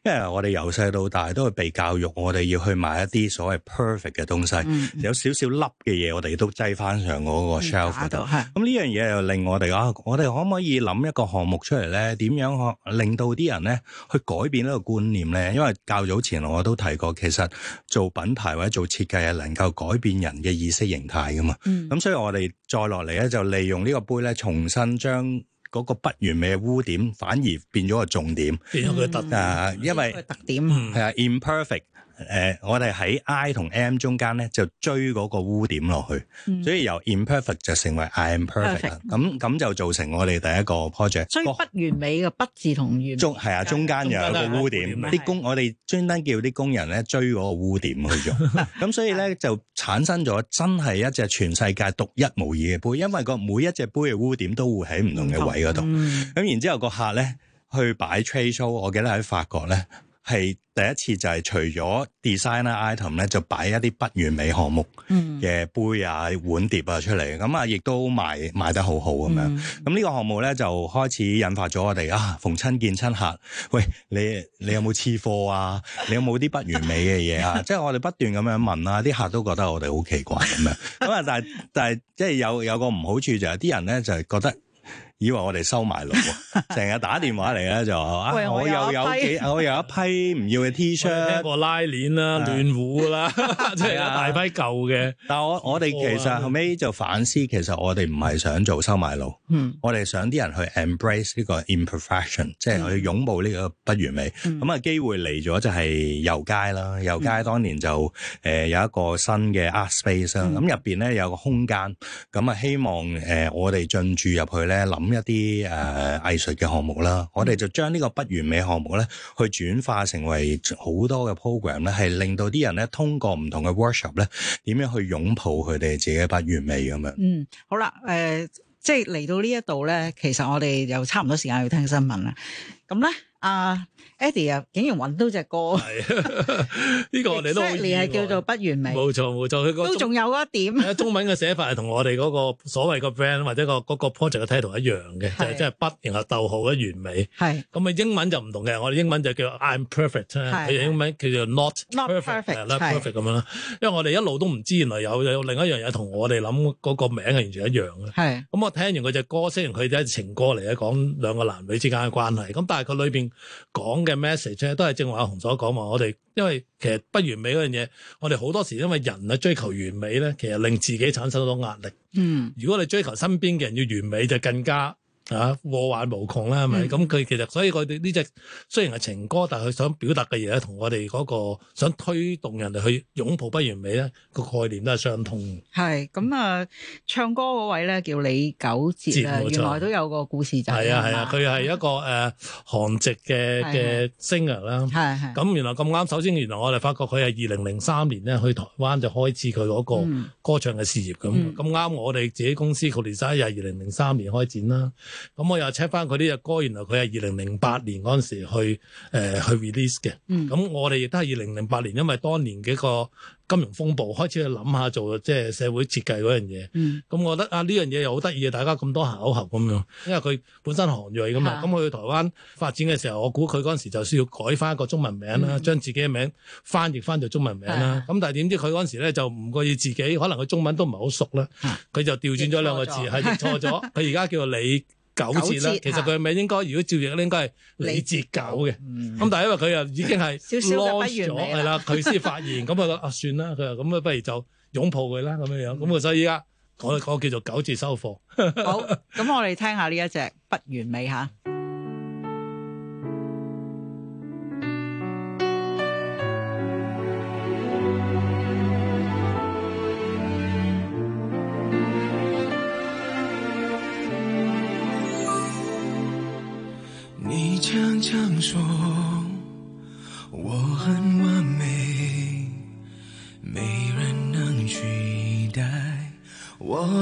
因為我哋由細到大都會被教育，我哋要去買一啲所謂 perfect 嘅東西，嗯、有少少粒嘅嘢，我哋都擠翻上嗰個 shelf 度。咁呢樣嘢又令我哋啊，我哋可唔可以諗一個項目出嚟咧？點樣可令到啲人咧去改變呢個觀念咧？因為較早前我都提過，其實做品牌或者做設計係能夠改變人嘅意識形態噶嘛。咁、嗯、所以我哋再落嚟咧，就利用呢個杯咧，重新將。個不完美嘅污點反而變咗個重點，變咗佢特啊，因為特點係啊 imperfect。Imper 誒、呃，我哋喺 I 同 M 中間咧，就追嗰個污點落去，嗯、所以由 imperfect 就成為 I'm perfect，咁咁、嗯、就造成我哋第一個 project 追不完美嘅不字同完中係啊，中間有一個污點，啲工、嗯、我哋專登叫啲工人咧追嗰個污點去做，咁 所以咧就產生咗真係一隻全世界獨一無二嘅杯，因為個每一隻杯嘅污點都會喺唔同嘅位嗰度，咁、嗯嗯、然之後，然後個客咧去擺 trade show，我記得喺法國咧。係第一次就係除咗 designer item 咧，就擺一啲不完美項目嘅杯啊、碗碟啊出嚟，咁啊亦都賣賣得好好咁樣。咁呢、嗯、個項目咧就開始引發咗我哋啊逢親見親客，喂你你有冇次貨啊？你有冇啲不完美嘅嘢啊？即係 我哋不斷咁樣問啦，啲客都覺得我哋好奇怪咁樣。咁啊，但係但係即係有有個唔好處就係啲人咧就係覺得。以為我哋收買佬，成日打電話嚟咧就話，喂，我又有幾，我有一批唔要嘅 T 恤， 一個拉鏈啦、暖壺啦，即係一大批舊嘅。 但係我我哋其實後尾就反思，其實我哋唔係想做收買佬，嗯、我哋想啲人去 embrace 呢個 imperfection，嗯、即係去擁抱呢個不完美。咁啊機會嚟咗就係游街啦，游街當年就誒有一個新嘅 art space 啦，咁入邊咧有個空間，咁啊希望誒我哋進駐入去咧諗一啲誒藝術嘅項目啦，嗯、我哋就將呢個不完美項目咧，去轉化成為好多嘅 program 咧，係令到啲人咧通過唔同嘅 workshop 咧，點樣去擁抱佢哋自己嘅不完美咁樣。嗯，好啦，誒、呃，即係嚟到呢一度咧，其實我哋又差唔多時間要聽新聞啦。咁咧，阿、啊。e d d 啊，Eddie, 竟然搵到隻歌，呢 個我哋都好，係叫做不完美，冇錯冇錯，佢個都仲有嗰一點。中文嘅寫法係同我哋嗰個所謂個 friend 或者個個 project 嘅 title 一樣嘅，是就係即係不，然後逗號一完美。係咁啊，英文就唔同嘅，我哋英文就叫 I'm perfect，是英文叫做 not perfect，not perfect 咁樣啦。因為我哋一路都唔知，原來有有另一樣嘢同我哋諗嗰個名係完全一樣嘅。係咁是、嗯、我聽完佢隻歌雖然佢啲情歌嚟嘅，講兩個男女之間嘅關係。咁但係佢裏邊講嘅。message 咧都係正話阿雄所講嘛，我哋因為其實不完美嗰樣嘢，我哋好多時因為人咧追求完美咧，其實令自己產生到壓力。嗯，如果你追求身邊嘅人要完美，就更加。啊，禍患無窮啦，係咪？咁、喔、佢、嗯、其實所以佢哋呢隻雖然係情歌，但係佢想表達嘅嘢咧，同我哋嗰、那個想推動人哋去擁抱不完美咧，個概念都係相通嘅。係咁啊，唱歌嗰位咧叫李九哲，原來都有個故事就係啊，佢係、嗯、 一個誒韓、呃、籍嘅嘅 singer 啦。係係咁，原來咁啱。首先，原來我哋發覺佢係二零零三年咧去台灣就開始佢嗰個歌唱嘅事業咁。咁啱、嗯，我哋自己公司 CoDesign 也二零零三年開展啦。 嗯 咁我又 check 翻佢呢隻歌，原來佢係二零零八年嗰陣時去誒去 release 嘅。咁我哋亦都係二零零八年，因為當年幾個金融風暴開始去諗下做即係社會設計嗰樣嘢。咁我覺得啊呢樣嘢又好得意啊！大家咁多巧合咁樣，因為佢本身韓裔㗎嘛。咁的去台灣發展嘅時候，我估佢嗰陣時就需要改翻一個中文名啦，將自己嘅名翻譯翻做中文名啦。咁的但係點知佢嗰陣時咧就唔覺意自己，可能佢中文都唔係好熟啦，佢的就調轉咗兩個字，係譯錯咗。佢而家叫做李九字啦，其實佢咪應該如果照應應該係你字九嘅。咁、嗯、但係因為佢又已經係少少不完美，係啦，佢先發現，咁啊 算啦，佢又咁啊，不如就擁抱佢啦，咁樣樣，咁啊、嗯，所以依家一我叫做九字收貨。好，咁 我哋聽下呢一隻不完美吓。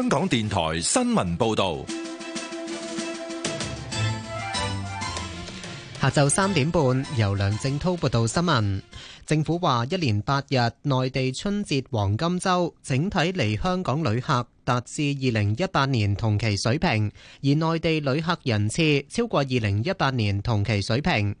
香港電台新聞報道，下晝三點半由梁正濤報道新聞。政府話，一連八日內地春節黃金周整體嚟香港旅客達至二零一八年同期水平，而內地旅客人次超過二零一八年同期水平。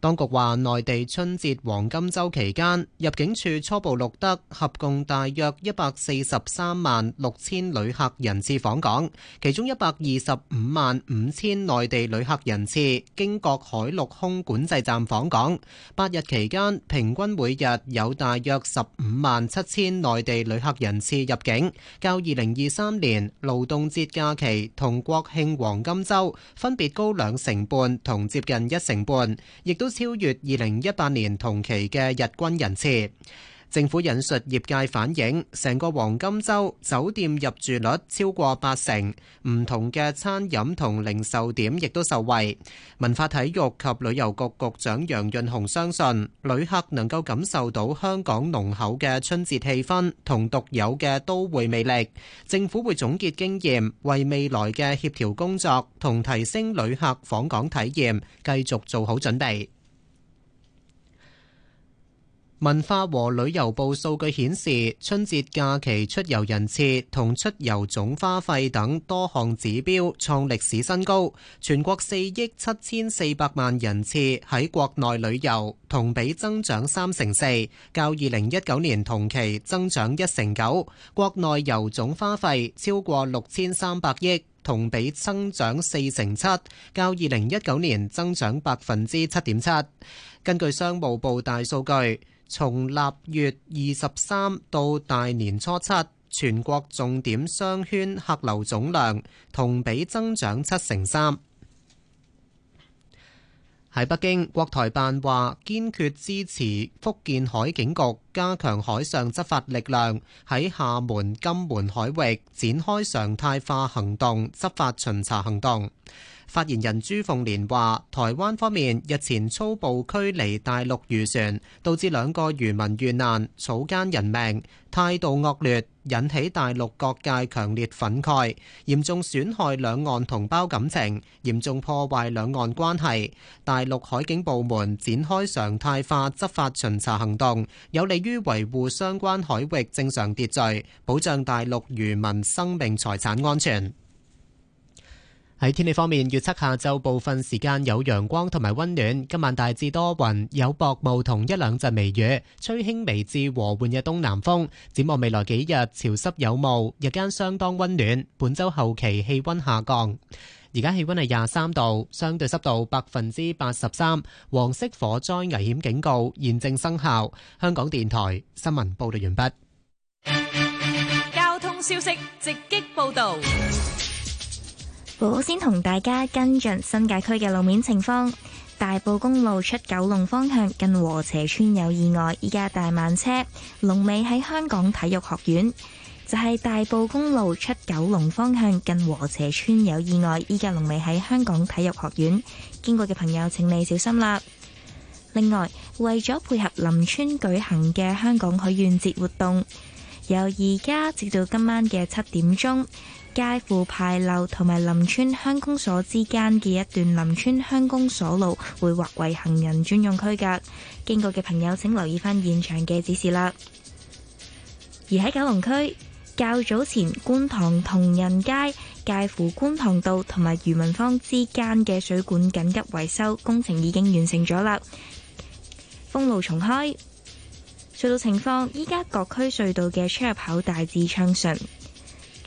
當局話，內地春節黃金週期間，入境處初步錄得合共大約一百四十三萬六千旅客人次訪港，其中一百二十五萬五千內地旅客人次經過海陸空管制站訪港。八日期間平均每日有大約十五萬七千內地旅客人次入境，較二零二三年勞動節假期同國慶黃金週分別高兩成半同接近一成半，亦都超越二零一八年同期嘅日均人次。政府引述業界反映，成個黃金週酒店入住率超過八成，唔同嘅餐飲同零售點亦都受惠。文化體育及旅遊局局長楊潤雄相信，旅客能夠感受到香港濃厚嘅春節氣氛同獨有嘅都會魅力。政府會總結經驗，為未來嘅協調工作同提升旅客訪港體驗繼續做好準備。文化和旅遊部數據顯示，春節假期出遊人次同出遊總花費等多項指標創歷史新高。全國四億七千四百萬人次喺國內旅遊同比增長三成四，較二零一九年同期增長一成九。國內遊總花費超過六千三百億同比增長四成七，較二零一九年增長百分之七點七。根據商務部大數據。從臘月二十三到大年初七，全國重點商圈客流總量同比增長七成三。喺北京，國台辦話堅決支持福建海警局加強海上執法力量，喺廈門、金門海域展開常態化行動執法巡查行動。發言人朱鳳蓮話：台灣方面日前粗暴驅離大陸漁船，導致兩個漁民遇難、草菅人命，態度惡劣，引起大陸各界強烈憤慨，嚴重損害兩岸同胞感情，嚴重破壞兩岸關係。大陸海警部門展開常態化執法巡查行動，有利於維護相關海域正常秩序，保障大陸漁民生命財產安全。喺天氣方面，預測下晝部分時間有陽光同埋溫暖，今晚大致多雲，有薄霧同一兩陣微雨，吹輕微至和緩嘅東南風。展望未來幾日，潮濕有霧，日間相當溫暖。本周後期氣溫下降。而家氣溫係廿三度，相對濕度百分之八十三，黃色火災危險警告現正生效。香港電台新聞報道完畢。交通消息直擊報道。我先同大家跟進新界區嘅路面情況，大埔公路出九龍方向近禾輋村有意外，依家大慢車，龍尾喺香港體育學院。就係、是、大埔公路出九龍方向近禾輋村有意外，依家龍尾喺香港體育學院，經過嘅朋友請你小心啦。另外，為咗配合林村舉行嘅香港許願節活動，由而家直到今晚嘅七點鐘。街乎牌樓同埋林村鄉公所之間嘅一段林村鄉公所路會劃為行人專用區㗎。經過嘅朋友，請留意返現場嘅指示啦。而喺九龍區較早前，觀塘同仁街介乎觀塘道同埋漁民坊之間嘅水管緊急維修工程已經完成咗啦，封路重開，隧道情況，依家各區隧道嘅出入口大致暢順。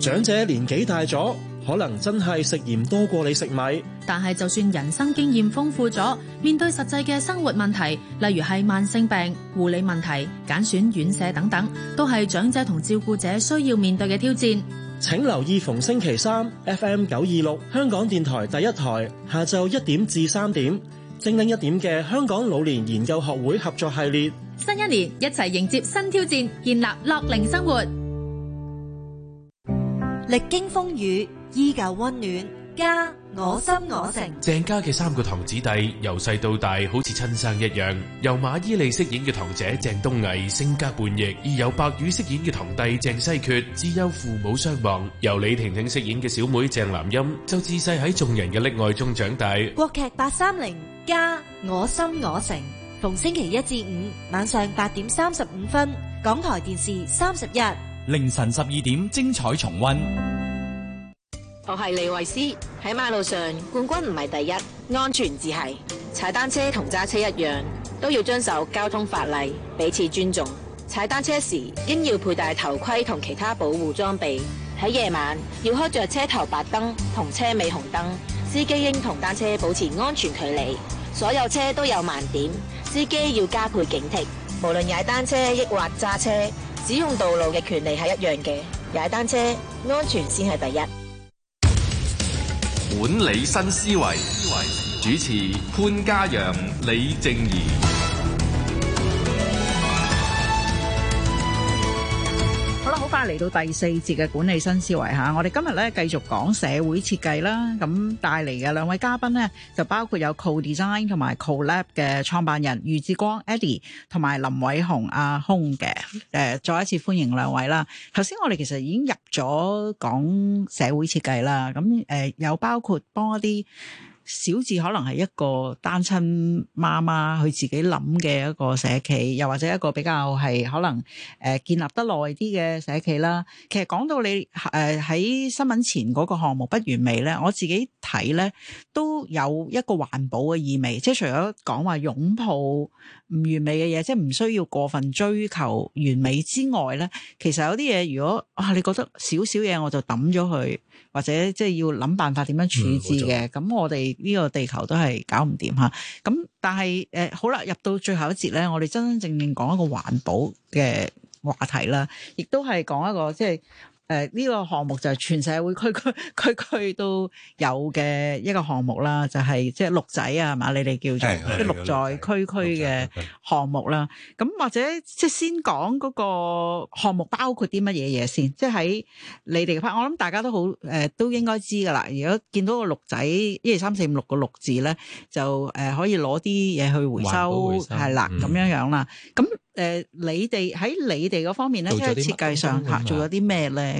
長者年紀大咗，可能真係食鹽多過你食米。但係就算人生經驗豐富咗，面對實際嘅生活問題，例如係慢性病、護理問題、揀選院舍等等，都係長者同照顧者需要面對嘅挑戰。請留意逢星期三 FM 九二六香港電台第一台，下晝一點至三點。精靈一點嘅香港老年研究學會合作系列，新一年一齊迎接新挑戰，建立樂齡生活，歷經風雨依舊溫暖。家我心我城，鄭家嘅三個堂子弟由細到大好似親生一樣。由馬伊琍飾演嘅堂姐鄭東霓性格叛逆，而由白宇飾演嘅堂弟鄭西決自幼父母雙亡。由李婷婷飾演嘅小妹鄭南音就自細喺眾人嘅溺愛中長大。國劇八三零家我心我城，逢星期一至五晚上八點三十五分，港台電視三十一，凌晨十二點精彩重溫。我係李慧斯。喺馬路上冠軍唔係第一，安全至係。踩單車同揸車一樣，都要遵守交通法例，彼此尊重。踩單車時應要佩戴頭盔同其他保護裝備。喺夜晚要開着車頭白燈同車尾紅燈。司機應同單車保持安全距離。所有車都有盲點，司機要加倍警惕。無論踩單車抑或揸車，使用道路嘅權利係一樣嘅。踩單車安全先係第一。管理新思維，思維，主持潘嘉陽、李靜宜。翻嚟到第四節嘅管理新思維嚇，我哋今日咧繼續講社會設計啦。咁帶嚟嘅兩位嘉賓咧，就包括有 CoDesign 同埋 CoLAB 嘅創辦人余志光 Eddie 同埋林偉雄阿空嘅。誒、啊呃，再一次歡迎兩位啦。頭先我哋其實已經入咗講社會設計啦。咁、呃、誒，有包括幫一啲。小智可能係一個單親媽媽，佢自己諗嘅一個社企，又或者一個比較係可能誒建立得耐啲嘅社企啦。其實講到你誒喺、呃、新聞前嗰個項目不完美咧，我自己睇咧都有一個環保嘅意味，即係除咗講話擁抱。唔完美嘅嘢，即係唔需要過分追求完美之外咧，其實有啲嘢如果啊，你覺得少少嘢我就抌咗佢，或者即係要諗辦法點樣處置嘅，咁、嗯、我哋呢個地球都係搞唔掂吓。咁、啊、但係誒、呃、好啦，入到最後一節咧，我哋真真正正講一個環保嘅話題啦，亦都係講一個即係。誒呢個項目就係全社會區區區區都有嘅一個項目啦，就係即係綠仔啊嘛，你哋叫做啲綠在區區嘅項目啦。咁或者即係先講嗰個項目包括啲乜嘢嘢先，即係喺你哋嘅 part 我諗大家都好誒，都應該知噶啦。如果見到個綠仔一二三四五六個綠字咧，就誒可以攞啲嘢去回收係啦，咁樣樣啦。咁誒，你哋喺你哋嗰方面咧，即係設計上拍做咗啲咩咧？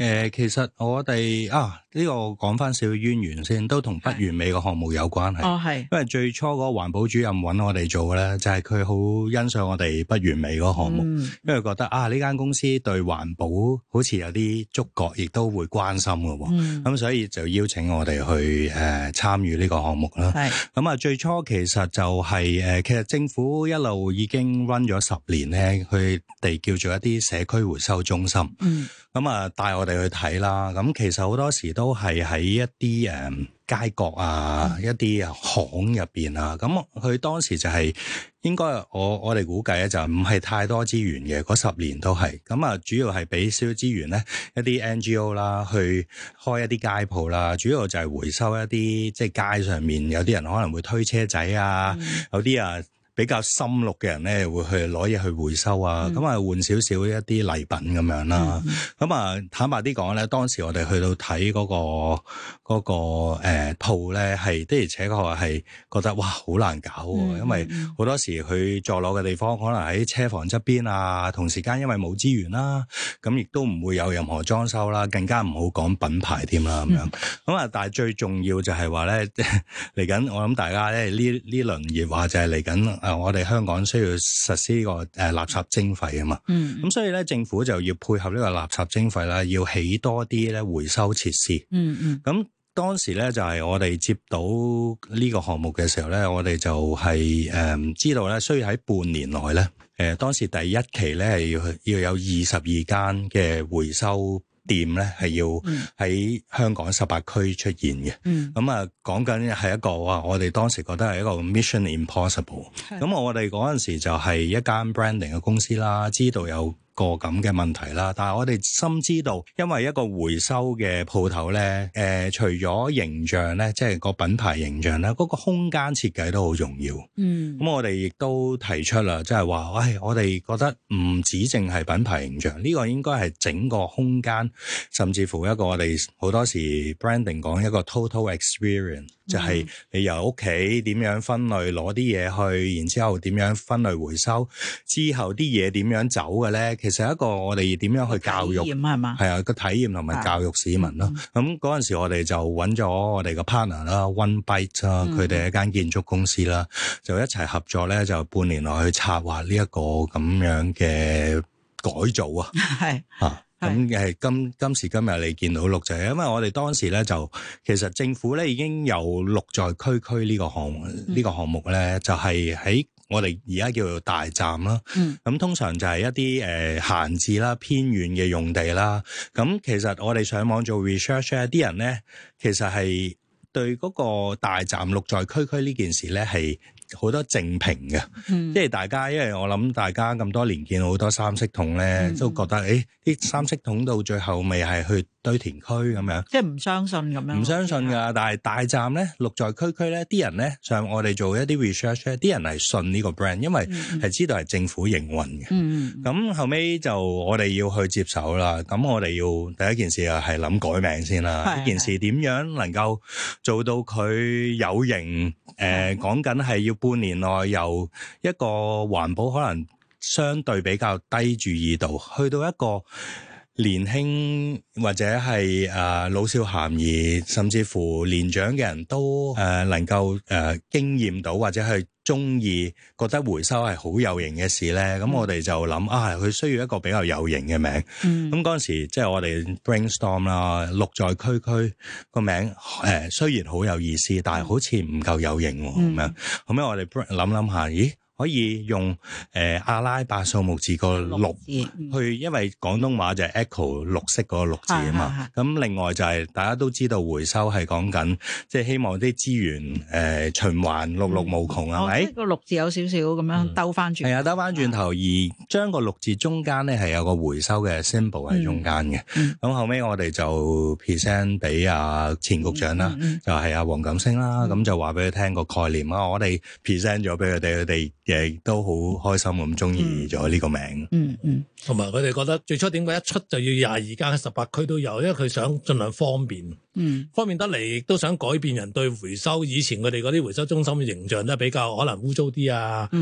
誒、呃，其實我哋啊，呢、這個講翻少少淵源先，都同不完美個項目有關係。哦，係，因為最初嗰個環保主任揾我哋做嘅咧，就係佢好欣賞我哋不完美嗰個項目，嗯、因為覺得啊，呢間公司對環保好似有啲觸覺，亦都會關心噶、啊。咁、嗯、所以就邀請我哋去誒參與呢個項目啦。係是，咁啊，最初其實就係、是、誒、呃，其實政府一路已經 run 咗十年咧，佢哋叫做一啲社區回收中心。嗯，咁啊、嗯，帶我哋。你去睇啦，咁其實好多時都係喺一啲誒街角啊，嗯、一啲巷入邊啊，咁佢當時就係應該我我哋估計咧就唔係太多資源嘅，十年都係，咁啊主要係俾少少資源咧一啲 NGO 啦，去開一啲街鋪啦，主要就係回收一啲即係街上面有啲人可能會推車仔啊，嗯、有啲啊。比較深綠嘅人咧，會去攞嘢去回收啊，咁啊、嗯、換少少一啲禮品咁樣啦。咁啊、嗯嗯、坦白啲講咧，當時我哋去到睇嗰、個嗰、個誒鋪咧，係、呃、的而且確係覺得哇好難搞喎、啊，嗯嗯、因為好多時佢坐落嘅地方可能喺車房側邊啊，同時間因為冇資源啦、啊，咁亦都唔會有任何裝修啦、啊，更加唔好講品牌添啦咁樣。咁啊、嗯嗯嗯，但係最重要就係話咧嚟緊，我諗大家咧呢呢輪熱話就係嚟緊。我哋香港需要實施呢個垃圾徵費啊嘛，咁、mm hmm. 所以咧，政府就要配合呢個垃圾徵費啦，要起多啲咧回收設施。咁、mm hmm. 嗯、當時咧就係我哋接到呢個項目嘅時候咧，我哋就係、是、誒、嗯、知道咧需要喺半年內咧，誒、呃、當時第一期咧係要要有二十二間嘅回收店咧係要喺香港十八區出現嘅，咁啊講緊係一個哇！我哋當時覺得係一個 mission impossible。咁的我哋嗰陣時就係一間 branding 嘅公司啦，知道有個咁嘅問題啦，但係我哋深知道，因為一個回收嘅鋪頭咧，誒、呃，除咗形象咧，即係個品牌形象咧，嗰個空間設計都好重要。嗯，咁我哋亦都提出啦，即係話，喂，我哋覺得唔止淨係品牌形象，呢個應該係整個空間，甚至乎一個我哋好多時 branding 講一個 total experience。就係你由屋企點樣分類攞啲嘢去，然之後點樣分類回收之後啲嘢點樣走嘅咧？其實一個我哋點樣去教育係啊個體驗同埋教育市民咯。咁嗰陣時我哋就揾咗我哋個 partner 啦，One Bite 啦、嗯，佢哋一間建築公司啦，就一齊合作咧，就半年內去策劃呢一個咁樣嘅改造的啊。係啊。咁誒，嗯嗯、今今時今日你見到綠就係，因為我哋當時咧就其實政府咧已經有綠在區區呢個項呢個項目咧，嗯、目就係喺我哋而家叫做大站啦。咁、嗯、通常就係一啲誒、呃、閒置啦、偏遠嘅用地啦。咁、嗯、其實我哋上網做 research 咧，啲人咧其實係對嗰個大站綠在區區呢件事咧係。好多正評嘅，即係大家，因為我諗大家咁多年見到好多三色桶咧，都、嗯、覺得誒啲、欸、三色桶到最後未係去，堆填區咁樣，即係唔相信咁樣，唔相信噶。但係大站咧，六在區區咧，啲人咧，上我哋做一啲 research 咧，啲人係信呢個 brand，因為係知道係政府營運嘅。嗯嗯。咁後尾就我哋要去接手啦。咁我哋要第一件事啊，係諗改名先啦。呢件事點樣能夠做到佢有型？誒，講緊係要半年內由一個環保可能相對比較低注意度，去到一個。年輕或者係，誒老少咸宜，甚至乎年長嘅人都誒能夠誒經驗到或者係鍾意，覺得回收係好有型嘅事咧，咁我哋就諗啊，佢需要一個比較有型嘅名。咁嗰陣時即係我哋 brainstorm 啦，綠在區區個名誒雖然好有意思，但係好似唔夠有型喎，咁樣。後尾我哋諗諗下，咦？可以用誒阿拉伯數目字個六去，因為廣東話就係 echo 綠色嗰個六字啊嘛。咁另外就係大家都知道回收係講緊，即係希望啲資源誒循環，六六無窮係咪？個六字有少少咁樣兜翻轉，係啊，兜翻轉頭而將個六字中間咧係有個回收嘅 symbol 喺中間嘅。咁後尾我哋就 present 俾阿前局長啦，就係阿黃錦星啦，咁就話俾佢聽個概念啊。我哋 present 咗俾佢哋佢哋。亦都好開心咁中意咗呢個名，嗯，嗯嗯，同埋佢哋覺得最初點解一出就要廿二間喺十八區都有，因為佢想盡量方便，嗯，方便得嚟亦都想改變人對回收以前佢哋嗰啲回收中心嘅形象咧，比較可能污糟啲啊，亂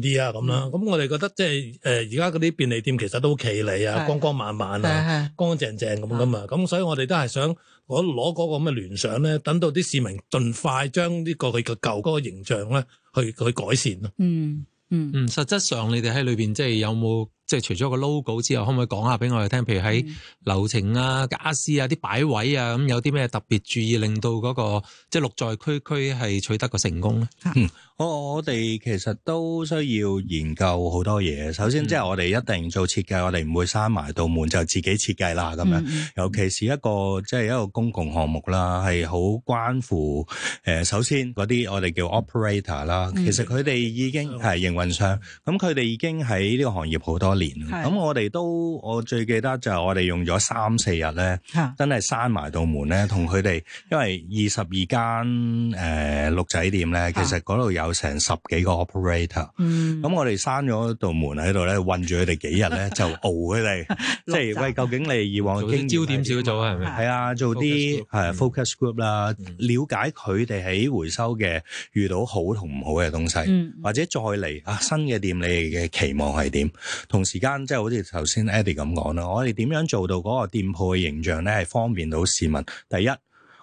啲、嗯、啊咁啦，咁、嗯嗯、我哋覺得即係誒而家嗰啲便利店其實都企理啊，是光光猛猛啊，乾乾淨淨咁噶嘛，咁所以我哋都係想攞嗰個咁嘅聯想咧，等到啲市民盡快將呢個佢嘅舊個形象咧。去去改善咯，嗯。嗯嗯嗯，實質上你哋喺裏邊即係有冇？即係除咗個 logo 之外，可唔可以講下俾我哋聽？譬如喺流程啊、傢俬啊、啲擺位啊，咁有啲咩特別注意，令到嗰個即係綠在區區係取得個成功咧？嗯，我我哋其實都需要研究好多嘢。首先，即係我哋一定做設計，我哋唔會閂埋度門就自己設計啦。咁樣，尤其是一個即係一個公共項目啦，係好關乎誒。首先嗰啲我哋叫 operator 啦，其實佢哋已經係營運商。咁佢哋已經喺呢個行業好多。年咁，我哋都我最記得就係我哋用咗三四日咧，真係閂埋道門咧，同佢哋，因為二十二間誒鹿仔店咧，其實嗰度有成十幾個 operator。咁我哋閂咗道門喺度咧，韞住佢哋幾日咧，就傲佢哋，即係喂，究竟你以往經焦點小組係咪？係啊，做啲係 focus group 啦，瞭解佢哋喺回收嘅遇到好同唔好嘅東西，或者再嚟啊新嘅店，你哋嘅期望係點同？同時間即係好似頭先 Eddie 咁講啦，我哋點樣做到嗰個店鋪嘅形象咧係方便到市民？第一，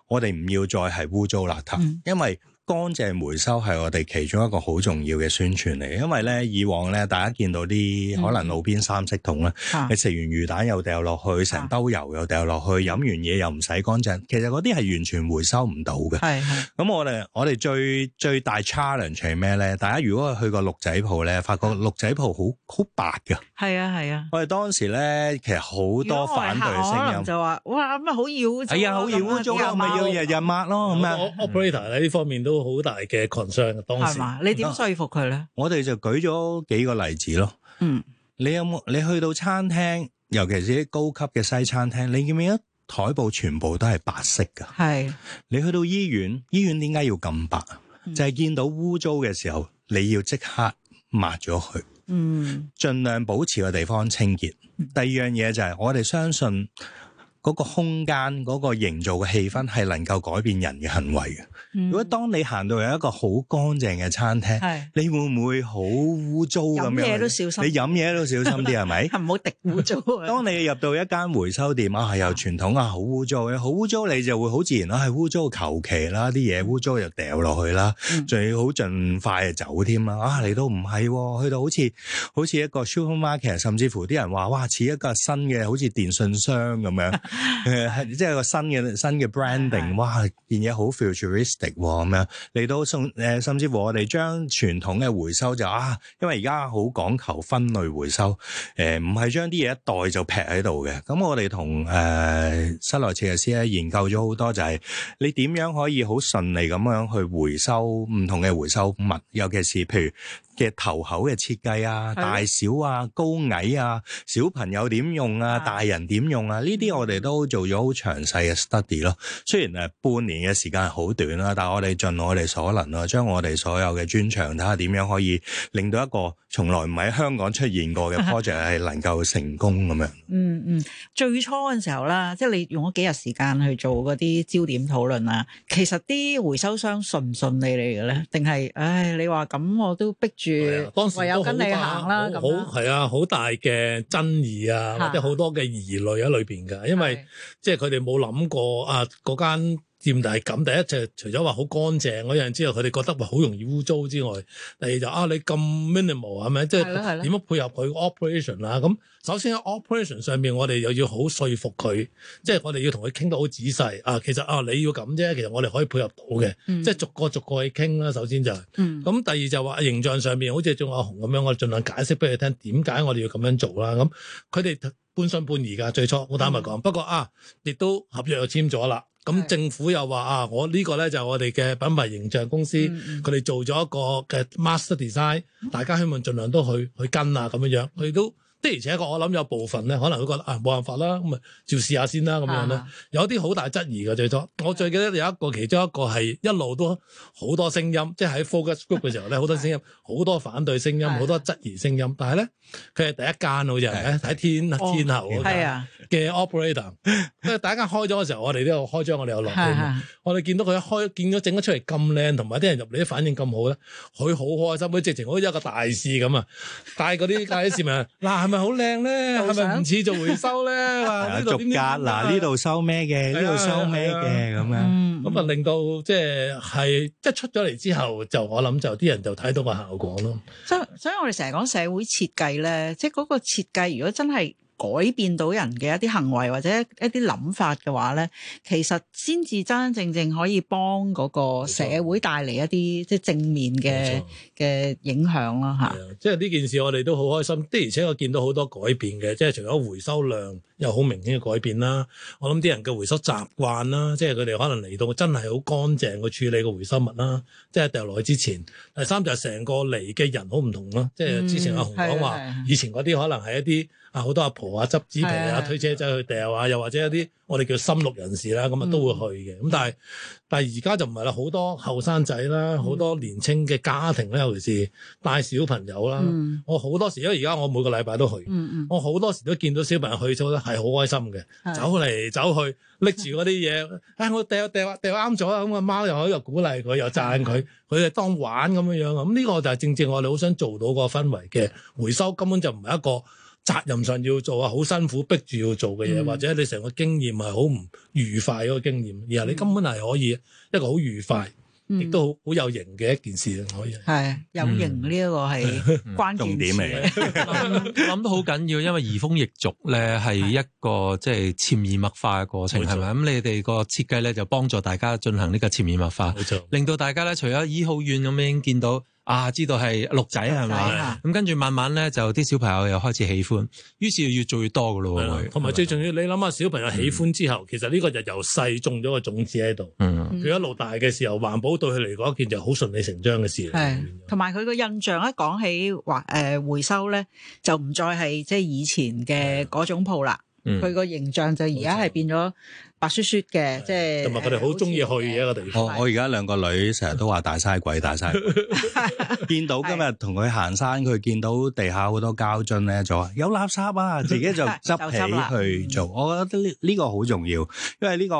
我哋唔要再係污糟邋遢，嗯、因為。乾淨回收係我哋其中一個好重要嘅宣傳嚟，因為咧以往咧，大家見到啲可能路邊三色桶咧，嗯、你食完魚蛋又掉落去，成兜油又掉落去，啊、飲完嘢又唔洗乾淨，其實嗰啲係完全回收唔到嘅。係咁是、嗯、我哋我哋最最大 challenge 係咩咧？大家如果去過鹿仔鋪咧，發覺鹿仔鋪好好白㗎。係啊係啊。啊我哋當時咧，其實好多反對聲音，就話哇咁啊好易污。係啊、哎，好易污糟咪要日日抹咯咁樣。Operator 呢方面都。好大嘅 concern 嘅，當時係嘛？你點說服佢咧？我哋就舉咗幾個例子咯。嗯，你有冇？你去到餐廳，尤其是啲高級嘅西餐廳，你見唔見得台布全部都係白色㗎？係是。你去到醫院，醫院點解要咁白啊？嗯、就係見到污糟嘅時候，你要即刻抹咗佢。嗯，盡量保持個地方清潔。嗯、第二樣嘢就係我哋相信。嗰個空間，嗰、嗰個營造嘅氣氛係能夠改變人嘅行為嘅。嗯、如果當你行到有一個好乾淨嘅餐廳，是你會唔會好污糟咁樣？嘢都小心，你飲嘢都小心啲係咪？係唔好滴污糟啊！當你入到一間回收店 啊，又傳統啊，好污糟嘅，好污糟，你就會好自然啦，係污糟求其啦，啲嘢污糟又掉落去啦，最好盡快就走添啦。啊，你都唔係去到好似好似一個 supermarket，甚至乎啲人話哇似一個新嘅，好似電信商咁樣。 誒，係、呃、即係個新嘅新嘅 branding，哇！件嘢好 futuristic 咁、哦、樣，嚟到送誒、呃，甚至乎我哋將傳統嘅回收就啊，因為而家好講求分類回收，誒、呃，唔係將啲嘢一袋就劈喺度嘅。咁我哋同誒室內設計師咧研究咗好多，就係你點樣可以好順利咁樣去回收唔同嘅回收物，尤其是譬如，嘅頭口嘅設計啊，大小啊，高矮啊，小朋友點用啊，大人點用啊，呢啲我哋都做咗好詳細嘅 study 咯。雖然誒半年嘅時間係好短啦，但係我哋盡我哋所能啊，將我哋所有嘅專長，睇下點樣可以令到一個從來唔喺香港出現過嘅 project 係能夠成功咁樣 嗯嗯，最初嘅時候啦，即係你用咗幾日時間去做嗰啲焦點討論啊，其實啲回收商順唔順利嚟嘅咧？定係誒你話咁我都逼住。當時都有跟你啦好，好係啊，好大嘅爭議啊，或者好多嘅疑慮喺裏邊㗎，因為的即係佢哋冇諗過啊嗰間。咁但係咁，第一就除咗話好乾淨嗰樣之後，佢哋覺得話好容易污糟之外，第二就是、啊，你咁 minimal 係咪？即係點樣配合佢 operation 啊，咁首先喺 operation 上面，我哋又要好説服佢，即係我哋要同佢傾得好仔細啊。其實啊，你要咁啫，其實我哋可以配合到嘅，嗯、即係逐個逐個去傾啦。首先就係、是、咁，嗯、第二就話、是、形象上面，好似仲阿雄咁樣，我儘量解釋俾佢聽點解我哋要咁樣做啦、啊。咁佢哋半信半疑噶，最初我坦白講，嗯、不過啊，亦都合約又簽咗啦。咁政府又話啊，我呢個呢個咧就係、我哋嘅品牌形象公司，佢哋、嗯嗯、做咗一個嘅 master design，大家希望盡量都去去跟啊咁樣樣，佢都。的而且確，我諗有部分咧，可能會覺得啊，冇辦法啦，咁啊，照試下先啦，咁樣咧。有啲好大質疑嘅，最初我最記得有一個其中一個係一路都好多聲音，即係喺 Focus Group 嘅時候咧，好多聲音，好多反對聲音，好多質疑聲音。但係咧，佢係第一間好似係睇天天后嗰間嘅 Operator。因為第一間開咗嘅時候，我哋都有開張，我哋有落去。我哋見到佢一開見到整咗出嚟咁靚，同埋啲人入嚟啲反應咁好咧，佢好開心，佢直情好似一個大使咁啊！帶嗰啲街市市民係咪好靚咧？係咪唔似做回收咧？ 啊，逐格嗱，呢度收咩嘅？呢度收咩嘅？咁樣，咁啊，令到即係，即係出咗嚟之後，就我諗就啲人就睇到個效果咯。所所以，所以我哋成日講社會設計咧，即係嗰個設計，如果真係。改變到人嘅一啲行為或者一啲諗法嘅話咧，其實先至真真正正可以幫嗰個社會帶嚟一啲即係正面嘅嘅影響咯嚇錯 。即係呢件事我哋都好開心，的而且我見到好多改變嘅，即係除咗回收量有好明顯嘅改變啦，我諗啲人嘅回收習慣啦，即係佢哋可能嚟到真係好乾淨嘅處理嘅回收物啦，即係掉落去之前。第三就係成個嚟嘅人好唔同咯，即係、嗯、之前阿雄講話，以前嗰啲可能係一啲。啊，好多阿婆啊，執紙皮啊，推車仔去掉啊，的又或者有啲我哋叫深綠人士啦，咁啊都會去嘅。咁、嗯、但係但係而家就唔係啦，好多後生仔啦，好多年輕嘅家庭咧，尤其是帶小朋友啦，嗯、我好多時因為而家我每個禮拜都去，嗯嗯我好多時都見到小朋友去咗咧，係好開心嘅，的走嚟走去拎住嗰啲嘢，唉、哎，我掉掉掉啱咗啦，咁阿媽又喺度鼓勵佢，又讚佢，佢哋的當玩咁樣樣咁呢個就係正，正正我哋好想做到個氛圍嘅回收，根本就唔係一個。責任上要做啊，好辛苦逼住要做嘅嘢，或者你成個經驗係好唔愉快嗰個經驗，而係你根本係可以一個好愉快，亦都好好有型嘅一件事，可以係有型呢一個係關鍵、嗯、重點嚟嘅。我諗都好緊要，因為移風易俗咧係一個即係、就是、潛移默化嘅過程，係咪錯？咁、嗯、你哋個設計咧就幫助大家進行呢個潛移默化，令到錯錯大家咧除咗以好遠咁樣見到。啊！知道係鹿仔係咪？咁跟住慢慢咧，就啲小朋友又開始喜歡，於是越做越多噶咯喎。同埋最重要，你諗下小朋友喜歡之後，其實呢個就由細種咗個種子喺度。嗯，佢一路大嘅時候，環保對佢嚟講一件就好順理成章嘅事嚟。係，同埋佢個印象一講起話誒回收咧，就唔再係即係以前嘅嗰種鋪啦。嗯，佢個形象就而家係變咗。白雪雪嘅，即係同埋佢哋好中意去嘅一個地方。我我而家兩個女成日都話大山鬼大山鬼，見到今日同佢行山，佢見到地下好多膠樽咧，就話有垃圾啊，自己就執起去做。我覺得呢，呢個好重要，因為呢個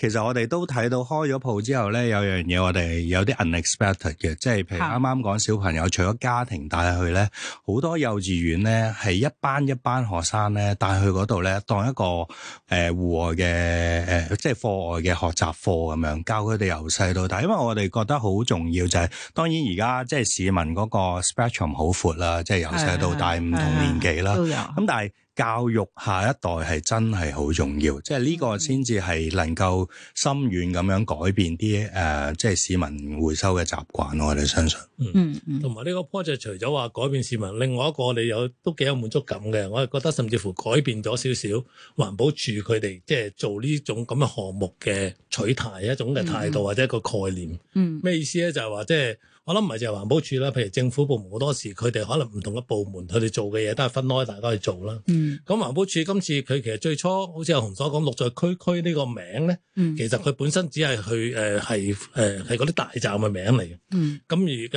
其實我哋都睇到開咗鋪之後咧，有樣嘢我哋有啲 unexpected 嘅，即係譬如啱啱講小朋友除咗家庭帶去咧，好多幼稚園咧係一班一班學生咧帶去嗰度咧，當一個誒戶外嘅。誒，即係課外嘅學習課咁樣教佢哋由細到大，因為我哋覺得好重要就係，當然而家即係市民嗰個 spectrum 好闊啦，即係由細到大唔同年紀啦，咁但係。教育下一代係真係好重要，即係呢個先至係能夠深遠咁樣改變啲誒、呃，即係市民回收嘅習慣。我哋相信。嗯嗯，同埋呢個 project 除咗話改變市民，另外一個你有都幾有滿足感嘅，我係覺得甚至乎改變咗少少環保署佢哋即係做呢種咁嘅項目嘅取態，一種嘅態度或者一個概念。嗯，咩、嗯嗯、意思咧？就係話即係。就是我諗唔係淨係環保署啦，譬如政府部門好多時佢哋可能唔同嘅部門，佢哋做嘅嘢都係分開大家去做啦。咁、嗯、環保署今次佢其實最初好似阿雄所講，綠在區區呢個名咧，嗯、其實佢本身只係去誒係誒係嗰啲大站嘅名嚟嘅。咁、嗯、而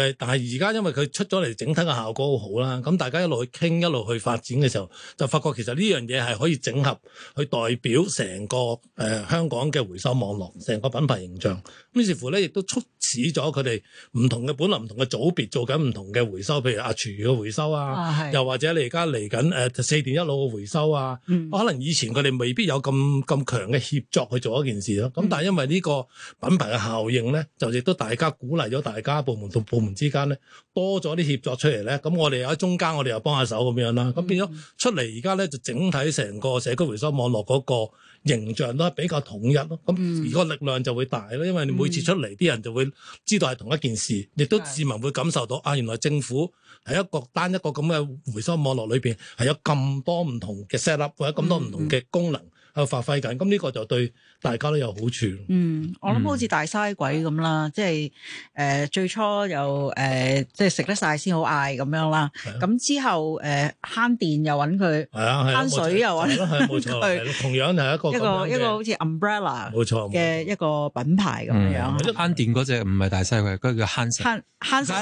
誒，但係而家因為佢出咗嚟整體嘅效果好好啦，咁大家一路去傾，一路去發展嘅時候，就發覺其實呢樣嘢係可以整合去代表成個誒、呃、香港嘅回收網絡，成個品牌形象。咁於是乎咧，亦都促使咗佢哋唔同嘅。本嚟唔同嘅組別做緊唔同嘅回收，譬如阿廚餘嘅回收啊，啊又或者你而家嚟緊誒四電一路嘅回收啊，嗯、可能以前佢哋未必有咁咁強嘅協作去做一件事咯。咁、嗯、但係因為呢個品牌嘅效應咧，就亦都大家鼓勵咗大家部門同部門之間咧多咗啲協作出嚟咧。咁我哋喺中間我哋又幫下手咁樣啦。咁變咗出嚟而家咧就整體成個社區回收網絡嗰、那個。形象都係比較統一咯，咁如果力量就會大咯，因為你每次出嚟啲人就會知道係同一件事，亦都市民會感受到啊，原來政府係一個單一個咁嘅回收網絡裏邊係有咁多唔同嘅 set up 或者咁多唔同嘅功能喺度發揮緊，咁呢、嗯嗯、個就對。大家都有好處。嗯，我諗好似大嘥鬼咁啦，即係誒最初又誒，即係食得晒先好嗌咁樣啦。咁之後誒慳電又揾佢，慳水又揾佢，同樣係一個一個一個好似 umbrella 冇錯嘅一個品牌咁樣。慳電嗰隻唔係大嘥鬼，嗰個叫慳水。慳水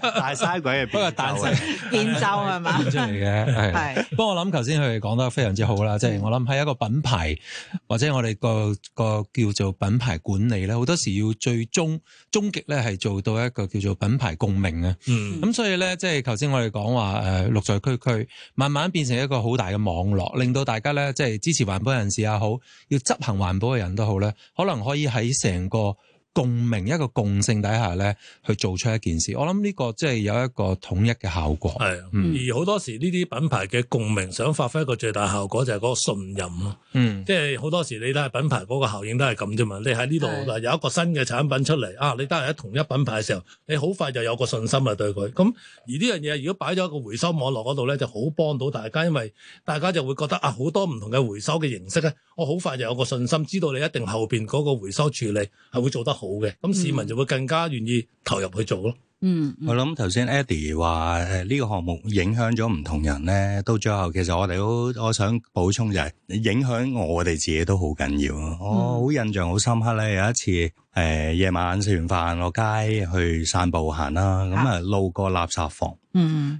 大嘥鬼嘅變奏，變奏係嘛？出嚟嘅係。不過我諗頭先佢哋講得非常之好啦，即係我諗係一個品牌或者我哋。個個叫做品牌管理咧，好多時要最終終極咧，係做到一個叫做品牌共鳴啊。咁、嗯、所以咧，即係頭先我哋講話誒，六、呃、在區區，慢慢變成一個好大嘅網絡，令到大家咧即係支持環保人士也好，要執行環保嘅人都好咧，可能可以喺成個。共鳴一個共性底下咧，去做出一件事，我諗呢個即係有一個統一嘅效果。係啊，嗯，而好多時呢啲品牌嘅共鳴，想發揮一個最大效果就係嗰個信任咯。嗯，即係好多時你睇品牌嗰個效應都係咁啫嘛。你喺呢度嗱，有一個新嘅產品出嚟的啊，你都係喺同一品牌嘅時候，你好快就有個信心啦對佢。咁而呢樣嘢如果擺咗一個回收網絡嗰度咧，就好幫到大家，因為大家就會覺得啊好多唔同嘅回收嘅形式咧，我好快就有個信心，知道你一定後邊嗰個回收處理係會做得好。好嘅，咁、嗯、市民就會更加願意投入去做咯。嗯，我諗頭先 Eddie 話誒呢個項目影響咗唔同人咧，到最後其實我哋都我想補充就係、是、影響我哋自己都好緊要。我、哦、好印象好深刻咧，有一次誒夜、呃、晚食完飯落街去散步行啦，咁啊路過垃圾房，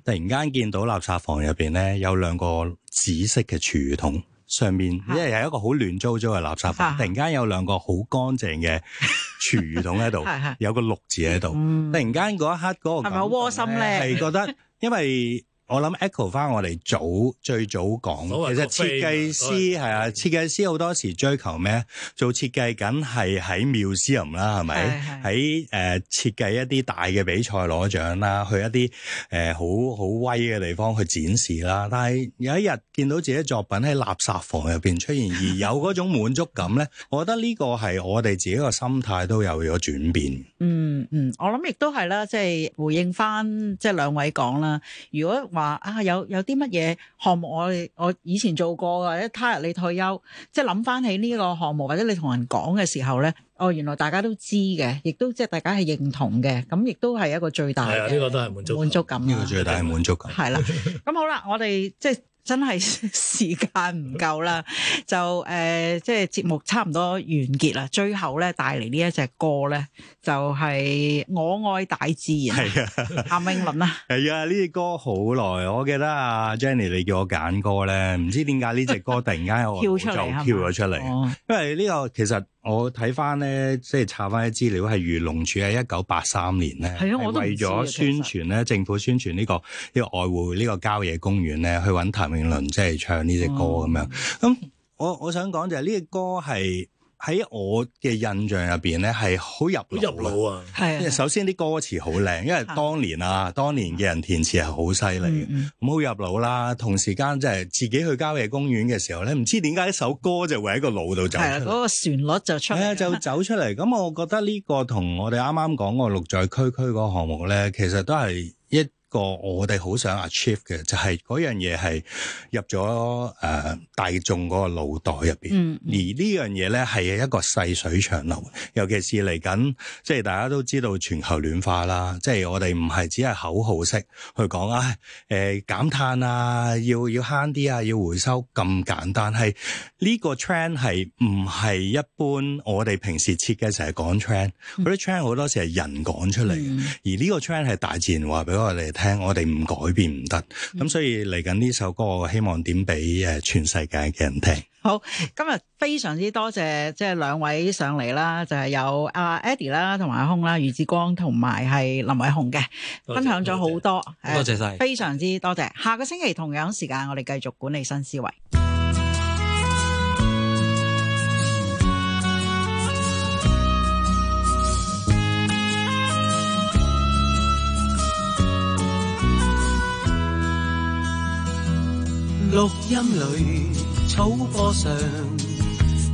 突然間見到垃圾房入邊咧有兩個紫色嘅廚桶，上面因為係一個好亂糟糟嘅垃圾房，突然間有兩個好乾淨嘅。 廚桶喺度，有個六字喺度， 嗯、突然間嗰一刻嗰個係咪好窩心咧？係 覺得，因為。我諗 echo 翻我哋早最早講，謂其實設計師係啊，設計師好多時追求咩？做設計緊係喺 Museum 啦，係咪是是？喺、呃、誒設計一啲大嘅比賽攞獎啦，去一啲誒好好威嘅地方去展示啦。但係有一日見到自己作品喺垃圾房入邊出現，而有嗰種滿足感咧， 我覺得呢個係我哋自己個心態都有咗轉變。嗯嗯，我諗亦都係啦，即係回應翻即係兩位講啦。如果話啊有有啲乜嘢項目我我以前做過嘅，一他日你退休，即係諗翻起呢個項目，或者你同人講嘅時候咧，哦，原來大家都知嘅，亦都即係大家係認同嘅，咁亦都係一個最大係啊呢個都係滿足滿足，足感，呢個最大滿足感係啦。咁 好啦，我哋即係。真係時間唔夠啦， 就誒、呃，即係節目差唔多完結啦。最後咧，帶嚟呢一隻歌咧，就係、是、我愛大自然。係啊，譚詠麟啊，係啊，呢隻歌好耐，我記得阿 Jenny 你叫我揀歌咧，唔知點解呢隻歌突然間我就 跳咗出嚟來，出吧因為呢個其實我睇翻咧，即、就、係、是、查翻啲資料係漁農處，喺一九八三年咧，係啊，我都為咗宣傳咧，實政府宣傳呢、這個呢、這個愛護呢個郊野公園咧，去揾譚。即係唱呢隻歌咁樣，咁、嗯、我我想講就係呢隻歌係喺我嘅印象面入邊咧，係好入入腦啊。因為的首先啲歌詞好靚，因為當年啊，的當年嘅人填詞係好犀利嘅，咁好的、嗯嗯、入腦啦。同時間即係自己去郊野公園嘅時候咧，唔知點解一首歌就會喺、那個腦度走，嗰個旋律就出，係就走出嚟。咁 我覺得個我剛剛區區個呢個同我哋啱啱講個綠在區區嗰個項目咧，其實都係一。個我哋好想 achieve 嘅就係樣嘢係入咗誒大眾個腦袋入邊，而呢樣嘢咧係一個細水長流，尤其是嚟緊，即係大家都知道全球暖化啦，即係我哋唔係只係口號式去講啊誒減碳啊，要要慳啲啊，要回收咁簡單係呢個 trend 係唔係一般我哋平時設計成日講 trend，嗰啲 trend 好多時係人講出嚟嘅，嗯、而呢個 trend 係大自然話俾我哋。聽我哋唔改變唔得，咁所以嚟緊呢首歌，我希望點俾誒全世界嘅人聽？好，今日非常之多謝即係兩位上嚟啦，就係有阿 Eddie 啦，同埋阿空啦，余志光同埋係林偉雄嘅，分享咗好多，多謝晒，非常之多謝。下個星期同樣時間，我哋繼續管理新思維。綠蔭裡，草坡上，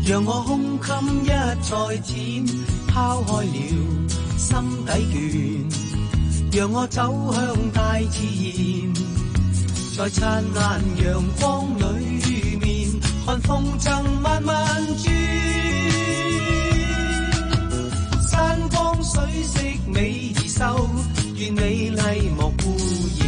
讓我胸襟一再展，拋開了心底倦，讓我走向大自然，在燦爛陽光裡面，看風箏慢慢轉，山光水色美如繡，願美麗莫污染。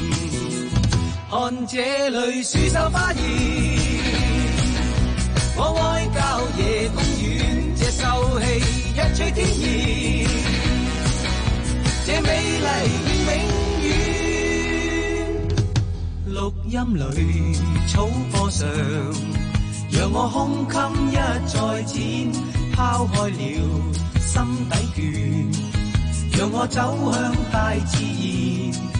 看這裏樹秀花妍，我愛郊野公園，這秀氣一最天然，這美麗永永遠。 綠蔭裏草坡上，讓我胸襟一再展，拋開了心底倦，讓我走向大自然。